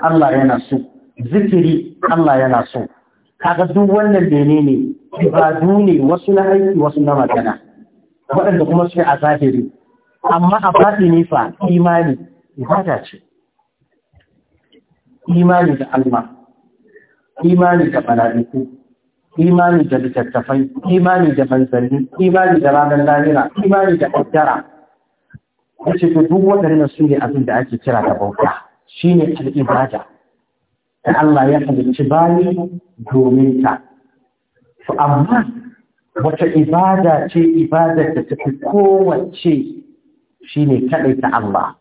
Speaker 1: Allah yana so zikiri Allah yana so kaga duk wannan bene ne ibadu ne wasu na aiki wasu na magana waɗanda kuma suke a zahiri amma a faɗi ne fa imani ibada ce imani da alma, imani da mala'iku imani da littattafai imani da manzanni imani da ranar lahira imani da ƙaddara wace to duk waɗannan su ne abin da ake kira da bauta shine al'ibada da Allah ya halicci bayi domin ta. To amma wata ibada ce ibada da ta fi kowace shi ne kaɗai ta Allah.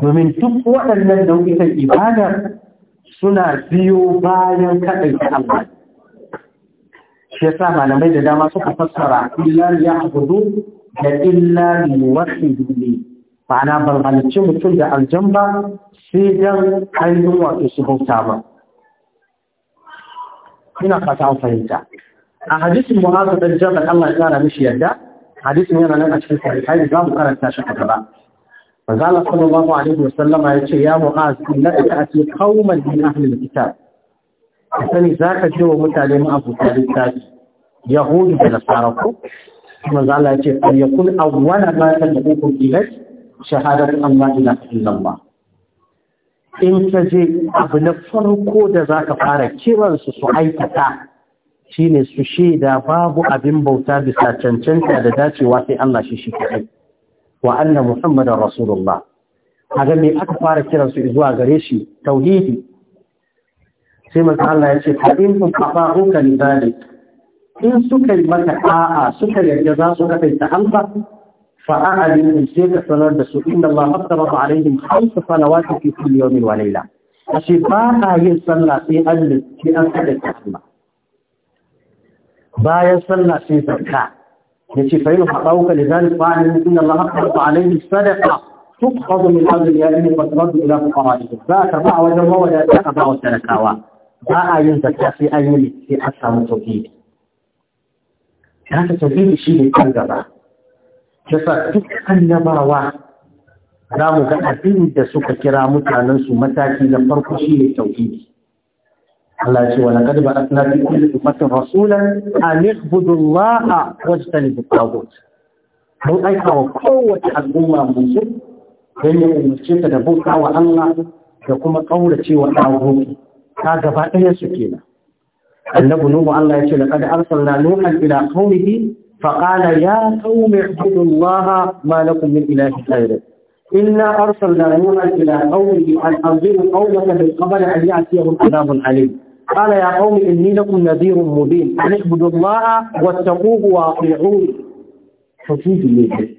Speaker 1: Domin duk waɗannan nau'ikan ibada suna biyo bayan kaɗai ta Allah. Shi ya sa malamai da dama suka fassara illar ya abudu da yi wasu ne. Ma'ana ban halicci mutum da aljamba sai dan ainihin wato su bauta ba ina fata an fahimta a hadisin muhazu da jabal Allah ya tsara mishi yadda hadisin yana nan a cikin sahihi za mu karanta shi a gaba manzo Allah sallallahu alaihi wasallama ya ce ya muhaz innaka ta'ti qauman min ahli alkitab sani zaka je wa mutane mu abu tarihi yahudi da nasara ko manzo Allah ya ce da awwala ma tad'ukum ilayhi shahadatu an la ilaha illallah in ta je abu na farko da za ka fara kiransu su aikata shi ne su shaida babu abin bauta bisa cancanta da dacewa sai Allah shi shi kaɗai wa annan Muhammadan Rasulullah a ga aka fara kiransu zuwa gare shi tauhidi sai manzo Allah ya ce fa in kun kafa'uka in suka yi maka a'a suka yarda za su kafa ta alfa فأعلم الله عليه وسلم إن الله افترض عليهم خمس صلوات في كل يوم وليلة أشي هي صلى في أجل في أسد التحمى با صلى في زكاة يشي فإن حقوك لذلك فأعلم إن الله افترض عليهم صدقة تبخض من أجل أغنيائهم وترد إلى فقرائهم ذاك باع وجوه ولا تأبع وتركاوا باع ينزكى في أجل في أسد التوحيد هذا التوحيد شيء يتنقى yasa duk annabawa za mu ga abin da suka kira mutanensu mataki na farko shi ne tauhidi
Speaker 2: Allah ce wa laqad ba'athna fi kulli
Speaker 1: ummatin rasulan an ibudu Allah wa tajtanibu tawhid mun aika wa kowace al'umma musu dan ya mun ta da bauta wa Allah da kuma kaurace wa tagut ta gaba ɗaya su kenan annabi nuhu Allah ya ce laqad arsalna nuhan ila qaumihi فقال يا قوم اعبدوا الله ما لكم من إله غيره إنا أرسلنا نوحا إلى قومه أن أنذروا قومك من قبل أن يأتيهم عذاب عليم قال يا قوم إني لكم نذير مبين أن اعبدوا الله واتقوه واطيعوه حسيت ليك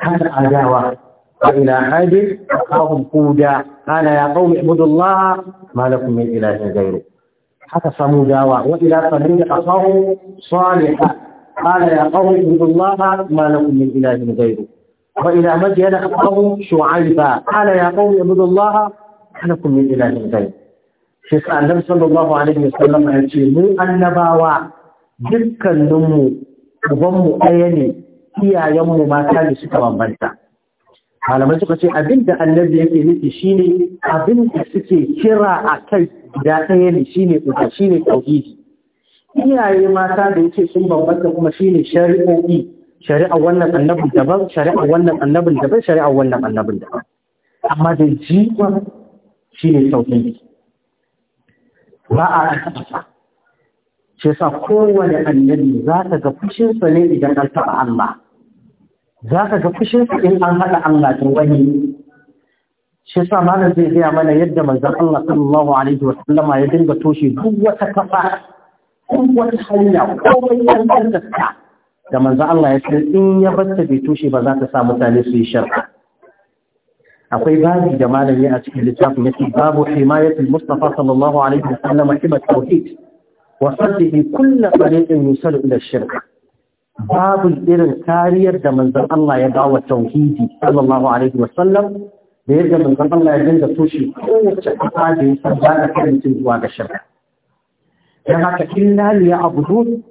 Speaker 1: هذا عداوة وإلى عاد أخاهم قودا قال يا قوم اعبدوا الله ما لكم من إله غيره haka samu dawa wa ila samin qasahu salihah qala ya qawmi ibudullaha ma lakum min ilahin ghayru wa ila madyan qasahu shu'aiba qala ya qawmi ibudullaha ma lakum min ilahin ghayru shi sa annabi sallallahu alaihi wasallam ya ce mu annabawa dukkaninmu ubanmu ɗaya ne iyayenmu mata da suka bambanta malamai suka ce abinda da annabi yake nufi shine abin da suke kira a kai guda ɗaya ne kuka shi ne tauhidi iyaye mata da yake sun bambanta kuma shi ne shari'o'i shari'a wannan annabin daban shari'a wannan annabin daban shari'a wannan annabin daban amma da shi ne tauhidi ba a ƙasa shi sa kowane annabi za ka ga fushinsa ne idan an taɓa Allah za ka ga fushinsa in an haɗa Allah da wani shi yasa malam zai gaya mana yadda manzan Allah sallallahu alaihi wa sallama ya dinga toshe duk wata kafa duk wata hanya komai yan kanta da manzan Allah ya ce in ya batta bai toshe ba za ta sa mutane su yi sharka akwai babu da malami a cikin littafin yake babu himayatul mustafa sallallahu alaihi wa sallama ibad tauhid wa saddihi kullu tariqin yusalu ila shirka babu irin kariyar da manzon Allah ya dawo tauhidi sallallahu alaihi wa sallam da yadda manzon Allah ya dinga toshe kowace ƙasa da ya san za ta kai mutum zuwa ga shirka dan haka illa li ya'budun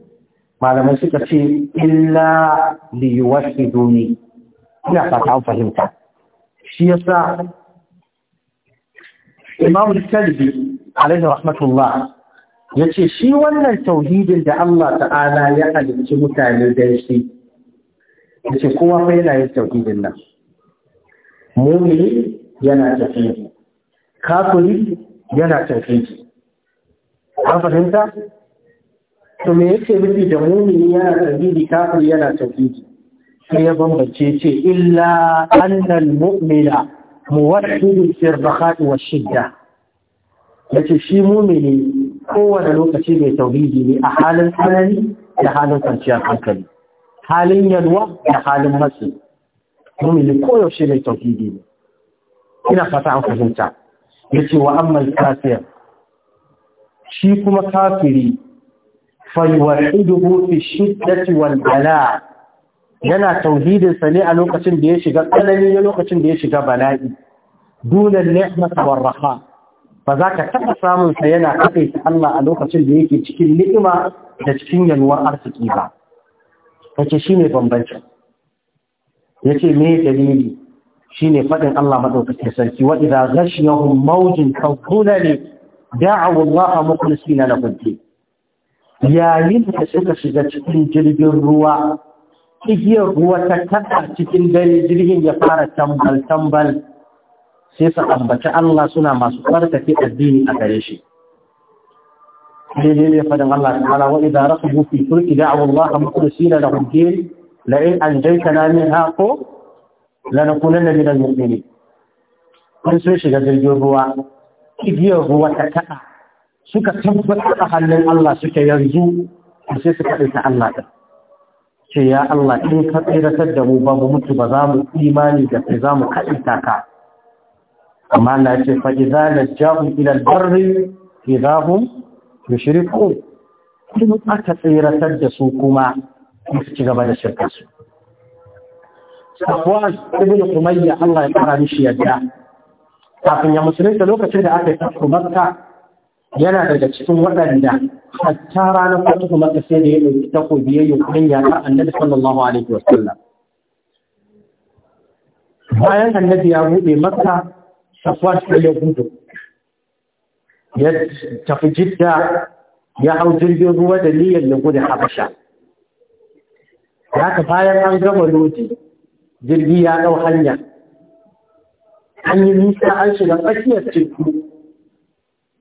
Speaker 1: malamai suka ce illa li yuwahhiduni ina fata an fahimta shi yasa Imam Al-Kalbi alaihi rahmatullah yace shi wannan tauhidin da Allah ta'ala ya halicci mutane da shi yace kowa fa yana yin tauhidin nan mumini yana tafiji kafiri yana tafiji an fahimta to me yake nufi da mumini yana tafiji kafiri yana tafiji sai ya bambance ce illa annal mu'mina muwahhidun fi ar-rakha'i wash-shidda yace shi mumini kowane lokaci mai tauhidi ne a halin tsanani da halin kwanciyar hankali halin yalwa da halin matsi ne koyaushe mai tauhidi ne ina fata an fahimta ya ce wa amma kafir shi kuma kafiri fayuwahiduhu fi shiddati wal bala yana tauhidinsa ne a lokacin da ya shiga tsanani ne lokacin da ya shiga bala'i dunan ni'mata war raha ba za ka taɓa samun sa yana kafe Allah a lokacin da yake cikin ni'ima da cikin yalwar arziki ba kace shine bambancin ya ce me dalili shine faɗin Allah maɗaukacin sarki wa idza ghashiyahum mawjun da da'awu Allah mukhlisina lahu din yayin da suka shiga cikin jirgin ruwa igiyar ruwa ta taɓa cikin dare jirgin ya fara tambal tambal sai su ambaci Allah suna masu tsarkake addini a gare shi daidai ne faɗin Allah ta'ala wa idza rasabu fi turki da'awu Allah mukhlisina lahu la'in an jaita na min haƙo lanakunan da minan mummini kun sun shiga jirgin ruwa igiyar ruwa ta kaɗa suka tabbatar a hannun Allah suke yanzu sai suka ɗauki Allah ɗin ce ya Allah in ka tsiratar da mu ba mu mutu ba za mu imani da kai za mu kaɗaita ka amma Allah ce fa idza najahum ila al-barri idahum yushrikun kun aka tsiratar da su kuma kuma su ci gaba da shirka su ibn Umayya Allah ya fara mishi yadda kafin ya musulunta lokacin da aka yi tafi Makka yana daga cikin waɗanda hatta ranar kuma Makka sai da ya ɗauki takobi ya yi kuɗin yaƙar annabi sallallahu alaihi wa sallam bayan annabi ya buɗe Makka Safuwa shi ya gudu ya tafi Jidda ya hau jirgin ruwa da niyyar ya gudu Habasha haka bayan an gama lodi jirgi ya ɗau hanya an yi nisa an shiga tsakiyar teku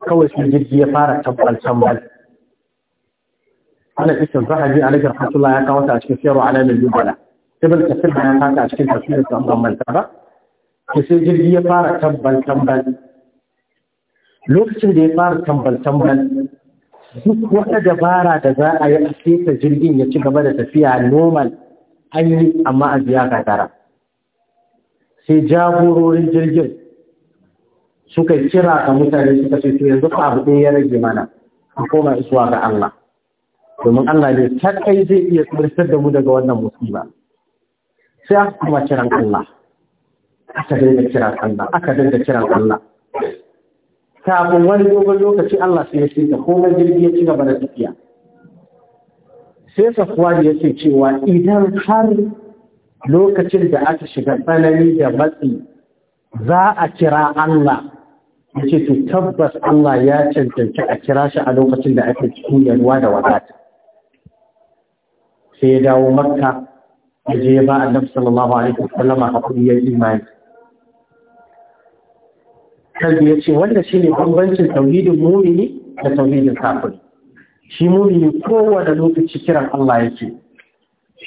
Speaker 1: kawai sai jirgi ya fara tabbal tambal ana cikin zahabi a nagar fatula ya kawata a cikin fiyarwa ana mai dubala ibn kasir da ya kaka a cikin tafsirin sa ban manta ba to sai jirgi ya fara tabbal tambal lokacin da ya fara tambal tambal duk wata dabara da za a yi a seta jirgin ya ci gaba da tafiya normal an yi amma a biya gagara sai jagororin jirgin suka kira ga mutane suka ce yanzu abu ɗaya ya rage mana a koma isuwa ga Allah domin Allah ne ta kai zai iya tsirtar da mu daga wannan musulma, sai aka kuma kiran Allah aka dinga kiran Allah aka dinga kiran Allah kafin wani dogon lokaci Allah sai ya sita komai jirgi ya ci gaba da tafiya sai safuwa ya ce cewa idan har lokacin da aka shiga tsanani da matsi za a kira Allah ya ce to tabbas Allah ya cancanci a kira shi a lokacin da aka cikin yalwa da wadata sai ya dawo makka ya je ba annabi sallallahu alaihi wasallam a kuri ya imani kalbi ya ce wanda shi ne bambancin tauhidin mumini da tauhidin kafir shi mumini kowane lokaci kiran Allah yake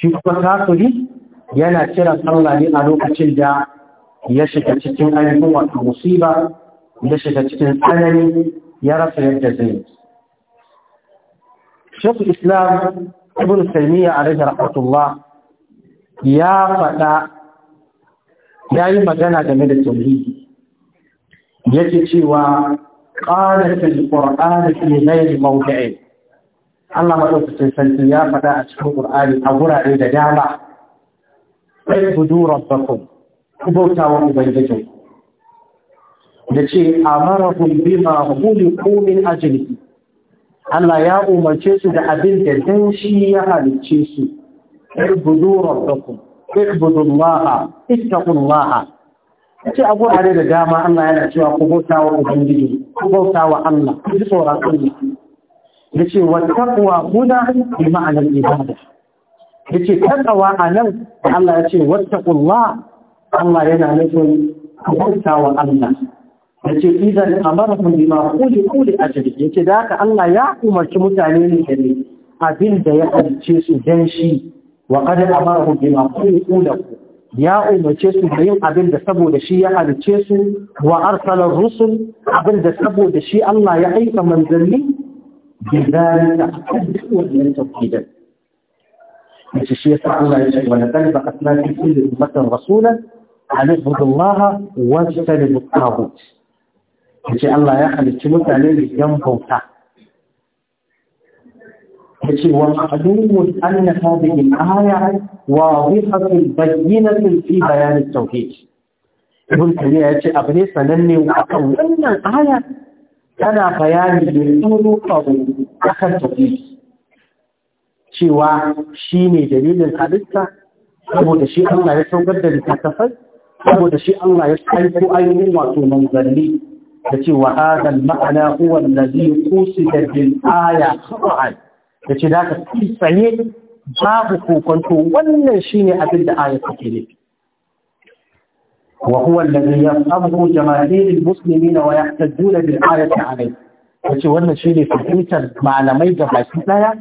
Speaker 1: shi kuma kafiri yana kiran Allah ne a lokacin da ya shiga cikin ainihin wata musiba ya shiga cikin tsanani ya rasa yadda zai Shekul Islam Ibn Taymiyyah alaihi rahmatullah ya fada ya yi magana game da tauhidi yake cewa qalatil qur'an fi ghayri mawdi'i Allah madaukakin sarki ya faɗa a cikin Qur'ani a gurare da dama sai budu rabbakum ku bauta wa ubangijin da ce bi ma khuliqu min ajlihi Allah ya umarce su da abin da dan shi ya halicce su budu rabbakum اعبدوا الله اتقوا الله ce a gurare da dama Allah yana cewa ku bauta wa Ubangiji, ku bauta wa Allah, ku ji tsoron Allah. Ya ce wa taqwa kuna bi ma'anar ibada. Ya ce taqwa a nan Allah ya ce wattaqullah Allah yana nufin ku bauta wa Allah. Ya ce idan ma kuli kuli a ajri. Ya ce da haka Allah ya umarci mutane ne da abin da ya halice su dan shi wa qad amarakum bima da ku. ya umarce su da yin abin da saboda shi ya halice su wa arsalar rusul abin da saboda shi Allah ya aika manzanni bizalika akan duk wannan tauhidan yace shi yasa Allah ya ce ba laqad ba'athna fi kulli ummatin rasulan an ibudu Allah wa tajtanibu at-taghut yace Allah ya halicci mutane da yan bauta ومعلوم أن هذه الآية واضحة بينة في بيان التوحيد ابن تيمية أبني سنني وأن الآية أنا بيان للطول قوي أخذ التوحيد شوا شيني دليل الحديثة أبو دشي الله يسوق الدل تتفل أبو دشي الله يسحيك أين وطو منظلي فشوا هذا المعنى هو الذي قصد بالآية خطأ Ka ce za ka tsaye babu kokonto wannan shine abin da ayat take nufi وهو الذي يفهمه جماهير المسلمين ويحتجون بالآية عليه wace wannan shi ne fahimtar malamai da baki ɗaya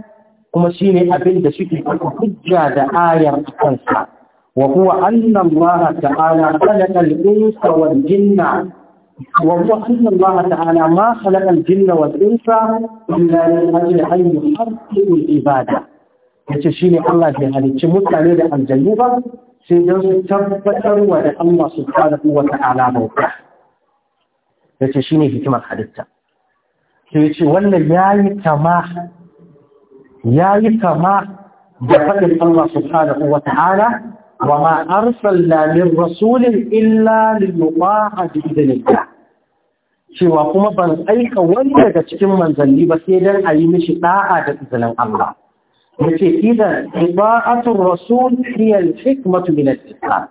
Speaker 1: kuma shi ne abin da suke kuma hujja da ayar kansa wa huwa anna allaha ta'ala khalaqa al-insa wal jinna وهو أن الله تعالى ما خلق الجن والإنس إلا من أجل أن يحققوا العبادة yace shine Allah bai halicci mutane da aljannu ba sai don su tabbatar wa da Allah subhanahu wa ta'ala bauta yace shine hikimar halitta sai yace wannan yayi kama yayi kama da fadin Allah subhanahu wa ta'ala وما أرسلنا من رسول إلا ليطاع بإذن الله cewa kuma ban aika wani daga cikin manzanni ba sai dan a yi mishi da'a da izinin Allah yace idan ibaatul rasul hiya al-hikmatu min al-islam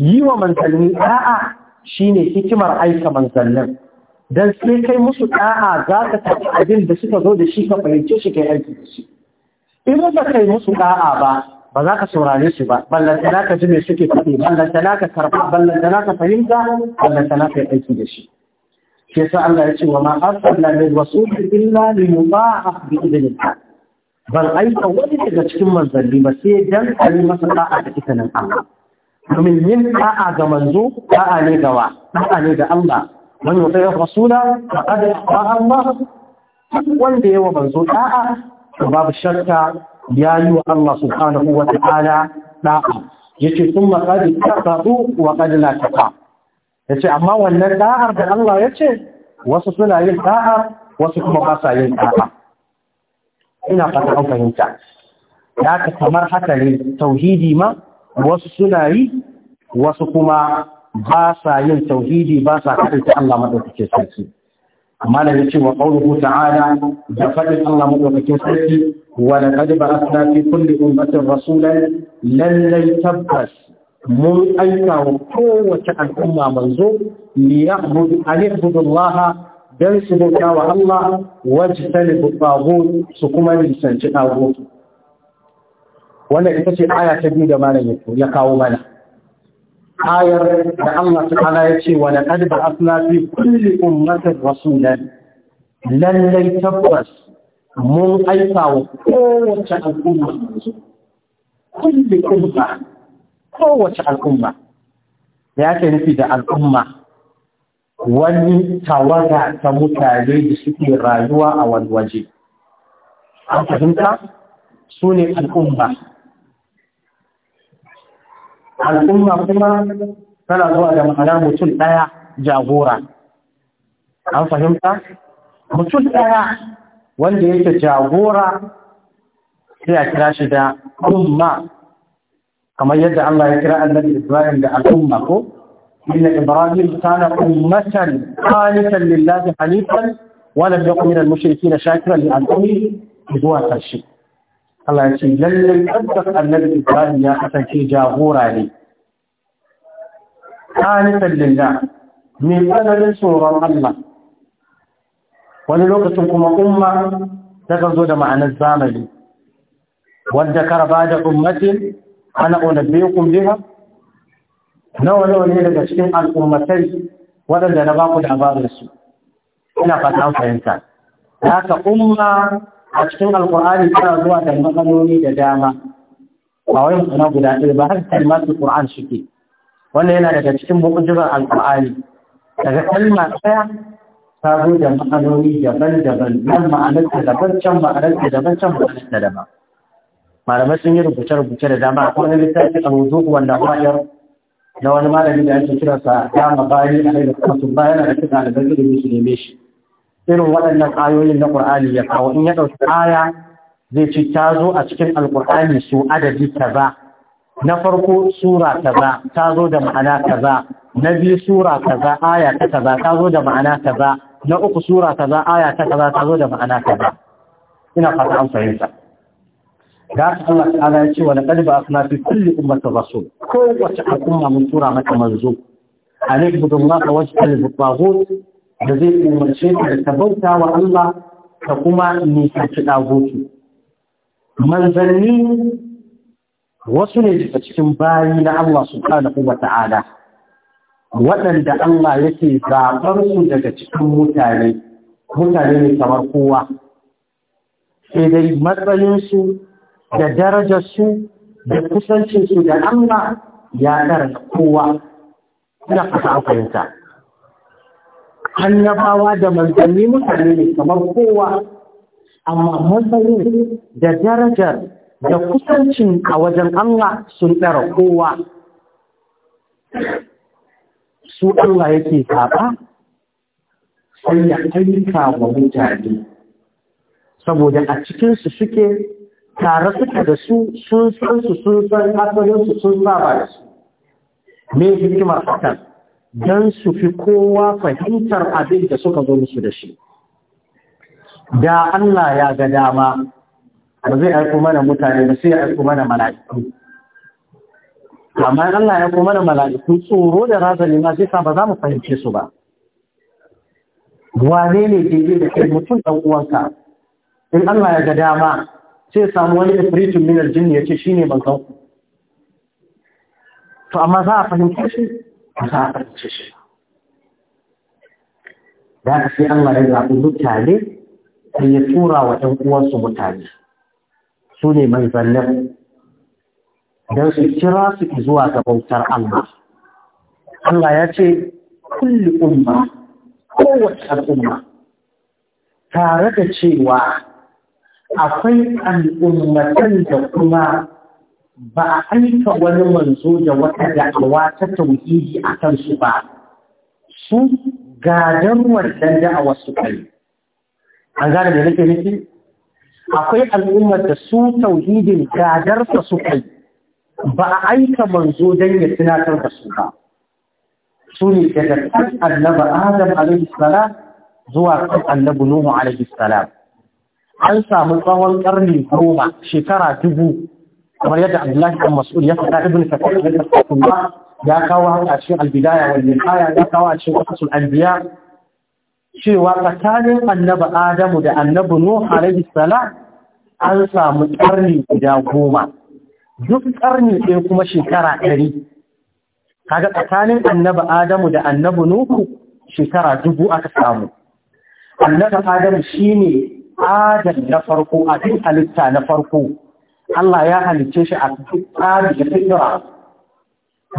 Speaker 1: yi wa manzanni da'a shine hikimar aika manzannin dan sai kai musu da'a za ka tafi abin da suka zo da shi ka fahimce shi kai aiki da shi in ba kai musu da'a ba ba za ka saurare su ba ballantana ka ji me suke faɗi ballantana ka karɓa ka fahimta ballantana ka yi aiki da shi Ke sa Allah ya ce wa ma arsalna min rasulin illa li yuta'a bi idnillah ban aika wani daga cikin manzanni ba sai dan a yi masa ɗa'a da ita nan Allah domin yin da'a ga manzo Ɗa'a ne ga wa ne ga Allah man yuta'a rasula faqad yuta'a Allah wanda wa manzo da'a to babu shakka ya yi wa Allah subhanahu wa ta'ala da'a yace sun maƙadi taƙaɗu wa la taqa yace amma wannan da'ar da Allah yace wasu suna yin da'a wasu kuma ba sa yin da'a ina fata an fahimta ya ka kamar haka ne tauhidi ma wasu suna yi wasu kuma ba sa yin tauhidi ba sa ta Allah madaukake sarki amma da ce wa qawluhu ta'ala da faɗin Allah madaukakin sarki wa laqad ba'athna fi kulli ummatin rasulan lallai tabbas mun aika wa kowace al'umma manzo li ya'budu alibudu Allah dan su bauta wa Allah wajtanibu taghut su kuma nisanci taghut wannan ita ce aya ta biyu da malam ya kawo mana ayar da Allah ta'ala ya ce wani laqad ba'athna kulle ummatar wasu lallai tabbas mun aika wa kowace al'umma kulli umma kowace al'umma ya ke nufi da al'umma wani tawaga ta mutane da suke rayuwa a wani waje an fahimta su ne al'umma al'umma kuma tana zuwa da ma'ana mutum ɗaya jagora an fahimta mutum ɗaya wanda yake jagora sai a kira shi da umma kamar yadda Allah ya kira annabi Ibrahim da al'umma ko inna Ibrahim kana ummatan qanitan lillahi halifan wa lam yakun minal mushrikeena shakiran li zuwa karshe Allah ce lallai tabbas annabi Ibrahim ya kasance jagora ne qanitan lillah mai tsananin tsoron Allah wani lokacin kuma umma ta kan zo da ma'anar zamani wadda ba da ummati ana unabbiukum biha nawa nawa ne daga cikin al'ummatai waɗanda na baku da su ina fata fahimta haka umma a cikin alkur'ani tana zuwa da matsaloli da dama ba wai na guda ɗaya ba har kalmatul qur'an suke wannan yana daga cikin mu'jizar alkur'ani daga kalma ɗaya ta zo da ma'anoni daban-daban nan ma'anarta daban can ma'anarta daban can ma'anarta daban malamai sun yi rubuce-rubuce da dama akwai wani littafi a hudu wanda bayar na wani malami da ake kira sa ya mabari a yau da sun bayana da suka albarki da su neme shi irin waɗannan ayoyin na ƙur'ani ya kawo in ya ɗauki aya zai ci ta zo a cikin alƙur'ani su adadi kaza na farko sura kaza ta zo da ma'ana kaza na biyu sura kaza aya ta kaza ta zo da ma'ana kaza na uku sura kaza aya ta kaza ta zo da ma'ana kaza ina fata an fahimta da haka Allah ta'ala ya ce wa laqad ba'athna fi kulli ummatin rasul kowace al'umma mun tura mata manzo an ibudu Allah wa tajtanibu at da zai umarce ka da ta bauta wa Allah ka kuma nisanci ɗagoki. Manzanni wasu ne daga cikin bayi na Allah subhanahu wa ta'ala, waɗanda Allah yake zaɓar su daga cikin mutane, mutane ne kamar kowa. Sai dai matsayinsu da darajarsu da kusancinsu da Allah ya ɗara kowa, ina fata fahimta. annabawa da manzanni mutane ne kamar kowa amma matsayin da darajar da kusancin a wajen Allah sun ɗara kowa su Allah yake kaɓa sai ya aika wa mutane saboda a cikinsu suke tare suke da su sun san su sun san asalinsu sun saba da su me hikimar hakan don su fi kowa fahimtar abin da suka zo musu da shi. Da Allah ya ga dama, ba zai aiko mana mutane ba sai aiko mana mala'iku. Amma Allah ya kuma mana mala'iku tsoro da razali ma zai ba za mu fahimce su ba. Wane ne ke da kai mutum ɗan uwanka? In Allah ya ga dama, sai samu wani ifritun minar jini ya ce shi ne ban ku. To amma za a fahimce shi ba za a ɓarce shi da aka sai Allah ya zaɓi mutane sai ya tura wa ‘yan uwansu mutane su ne manzannin don su kira su zuwa ga bautar Allah. Allah ya ce, kulli umma, kowace al'umma, tare da cewa akwai al'ummatan da kuma ba a aika wani manzo da wata da'awa ta tauhidi a kan su ba su gadon wannan da'awar su kai an gane da nake nufi akwai al'ummar da su tauhidin gadarsa su kai ba a aika manzo don ya tunatar da su ba su ne daga kan annaba adam alaihi salam zuwa kan annabi nuhu alaihi salam an samu tsawon ƙarni goma shekara dubu kamar yadda Abdullahi dan Mas'ud ya faɗa ibn Kathir da Fatullah ya kawo haka cikin al-bidaya wal nihaya ya kawo a cikin asul anbiya cewa tsakanin annabi Adamu da annabi Nuh alaihi salam an samu ƙarni guda goma duk ƙarni ɗaya kuma shekara ɗari kaga tsakanin annabi Adamu da annabi Nuhu shekara dubu aka samu annabi Adamu shine Adam na farko a cikin halitta na farko Allah ya halicce shi a tsari da fitira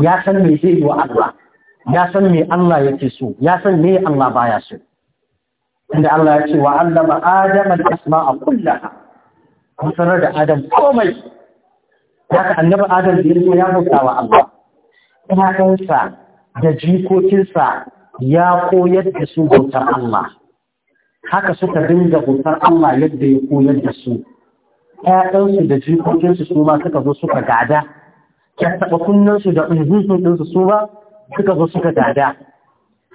Speaker 1: ya san me zai yi wa Allah ya san me Allah yake so ya san me Allah baya so inda Allah ya ce wa Allah ba adam al a kullaha sanar da adam komai Ya ka annabi adam da yake ya bauta wa Allah kansa da jikokinsa ya koyar da su bautar Allah haka suka dinga bautar Allah yadda ya koyar da su ƴaƴansu da jikokinsu su ma suka zo suka gada ya taɓa kunnansu da ɗinsu ɗinsu su ba suka zo suka gada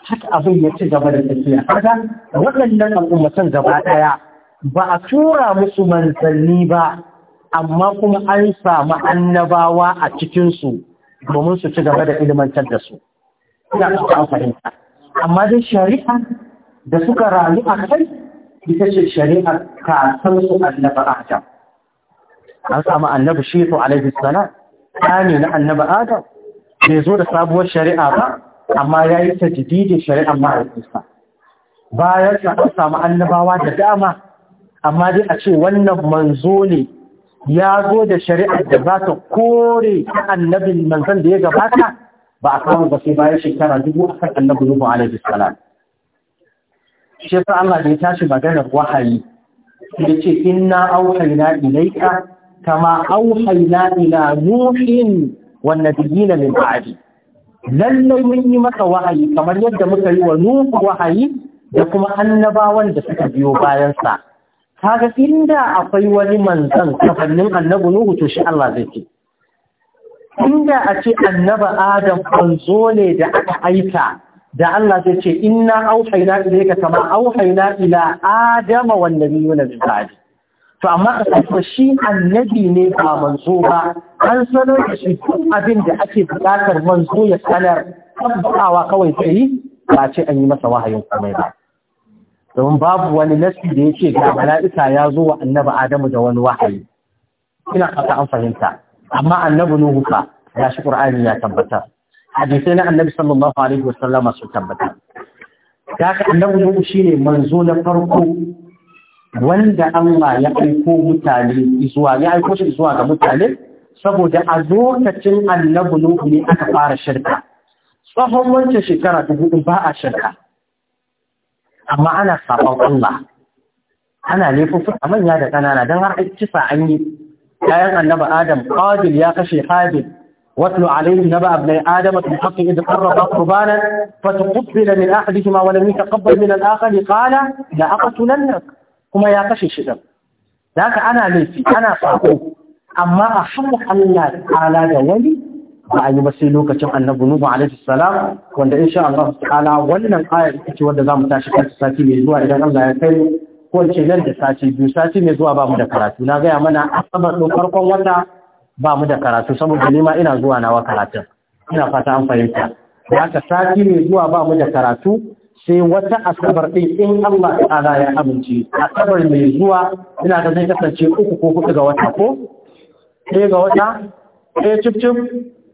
Speaker 1: haka abin ya ci gaba da tafiya haka waɗannan al'ummatan gaba ɗaya ba a tura musu manzanni ba amma kuma an samu annabawa a cikinsu domin su ci gaba da ilimantar da su ina fahimta amma dai shari'a da suka rayu a kai ita ce shari'ar san su annaba adam an samu annabi shehu alaihi salam ne na annabi adam bai zo da sabuwar shari'a ba amma ya yi tajididin shari'ar ma'aikinsa bayan sa an samu annabawa da dama amma dai a ce wannan manzo ne ya zo da shari'ar da za ta kore ta annabin manzon da ya gabata ba a samu ba sai bayan shekara dubu a kan annabi nuhu alaihi salam shi fa Allah da ya tashi maganar wahayi ya ce inna auhayna ilayka kama auhaina ila nuhin wan nabiyina min ba'di lallai mun yi maka wahayi kamar yadda muka yi wa nuhu wahayi da kuma annabawan da suka biyo bayan sa kaga inda akwai wani manzon kafannin annabi nuhu to shi Allah zai ce inda a ce annaba adam manzo ne da aka aika da Allah zai ce inna auhayna ilayka kama auhaina ila adama wan nabiyuna min ba'di to amma ka shi annabi ne ba manzo ba an sanar da shi duk abin da ake buƙatar manzo ya sanar tabbatawa kawai yi, ba ce an yi masa wahayin komai ba domin babu wani nasi da ya ce ga mala'ika ya zo wa annabi adamu da wani wahayi ina fata an fahimta amma annabi nuhu fa ya shi qur'ani ya tabbatar hadisai na annabi sallallahu alaihi wasallama su tabbatar da annabi nuhu shine manzo na farko wanda Allah ya aiko mutane zuwa ya aiko shi zuwa ga mutane saboda a lokacin annabi Nuhu ne aka fara shirka tsohon wancan shekara ta hudu ba a shirka amma ana sabon Allah ana laifuffuka manya da ƙanana don har kisa an yi kayan annaba Adam Qabil ya kashe Habil واتل عليه نبأ ابن آدم بالحق إذ ni, قربانا فتقبل من أحدهما ولم يتقبل من الآخر قال لأقتلنك kuma ya kashe shi ɗin da haka ana laifi ana faɗo, amma a hannu Allah ta'ala da wani ba a yi ba sai lokacin annabi Nuhu alaihi salam wanda insha Allah ta'ala wannan ayar ita ce wanda zamu tashi kan sati mai zuwa idan Allah ya kai ko ce nan da sati biyu sati mai zuwa ba mu da karatu na gaya mana asabar ɗin farkon wata ba mu da karatu saboda ni ma ina zuwa nawa karatun ina fata an fahimta da haka sati mai zuwa ba mu da karatu sai wata asabar ɗin in Allah ta'ala ya amince asabar mai zuwa ina da zai kasance uku ko hudu ga wata ko ɗaya ga wata ɗaya cikin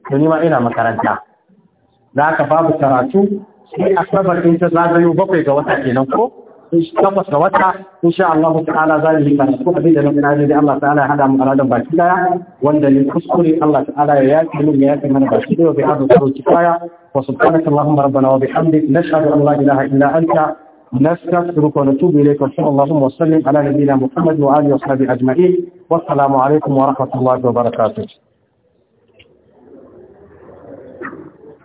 Speaker 1: cif ma ina makaranta da aka babu karatu sai asabar ɗin ta zagayo bakwai ga wata kenan ko kan wata wata insha Allah ta'ala zai yi kana ko abin da nan da ne Allah ta'ala ya hada mu a baki daya wanda ni kuskure Allah ta'ala ya yafi min ya yafi mana baki daya bi hadu ta ruki faya wa subhanaka allahumma rabbana wa bihamdik nashhadu an la ilaha illa anta nastaghfiruka wa natubu ilayka wa allahumma sallim ala nabiyyina muhammad wa alihi wa sahbihi ajma'in wa alaikum wa rahmatullahi wa barakatuh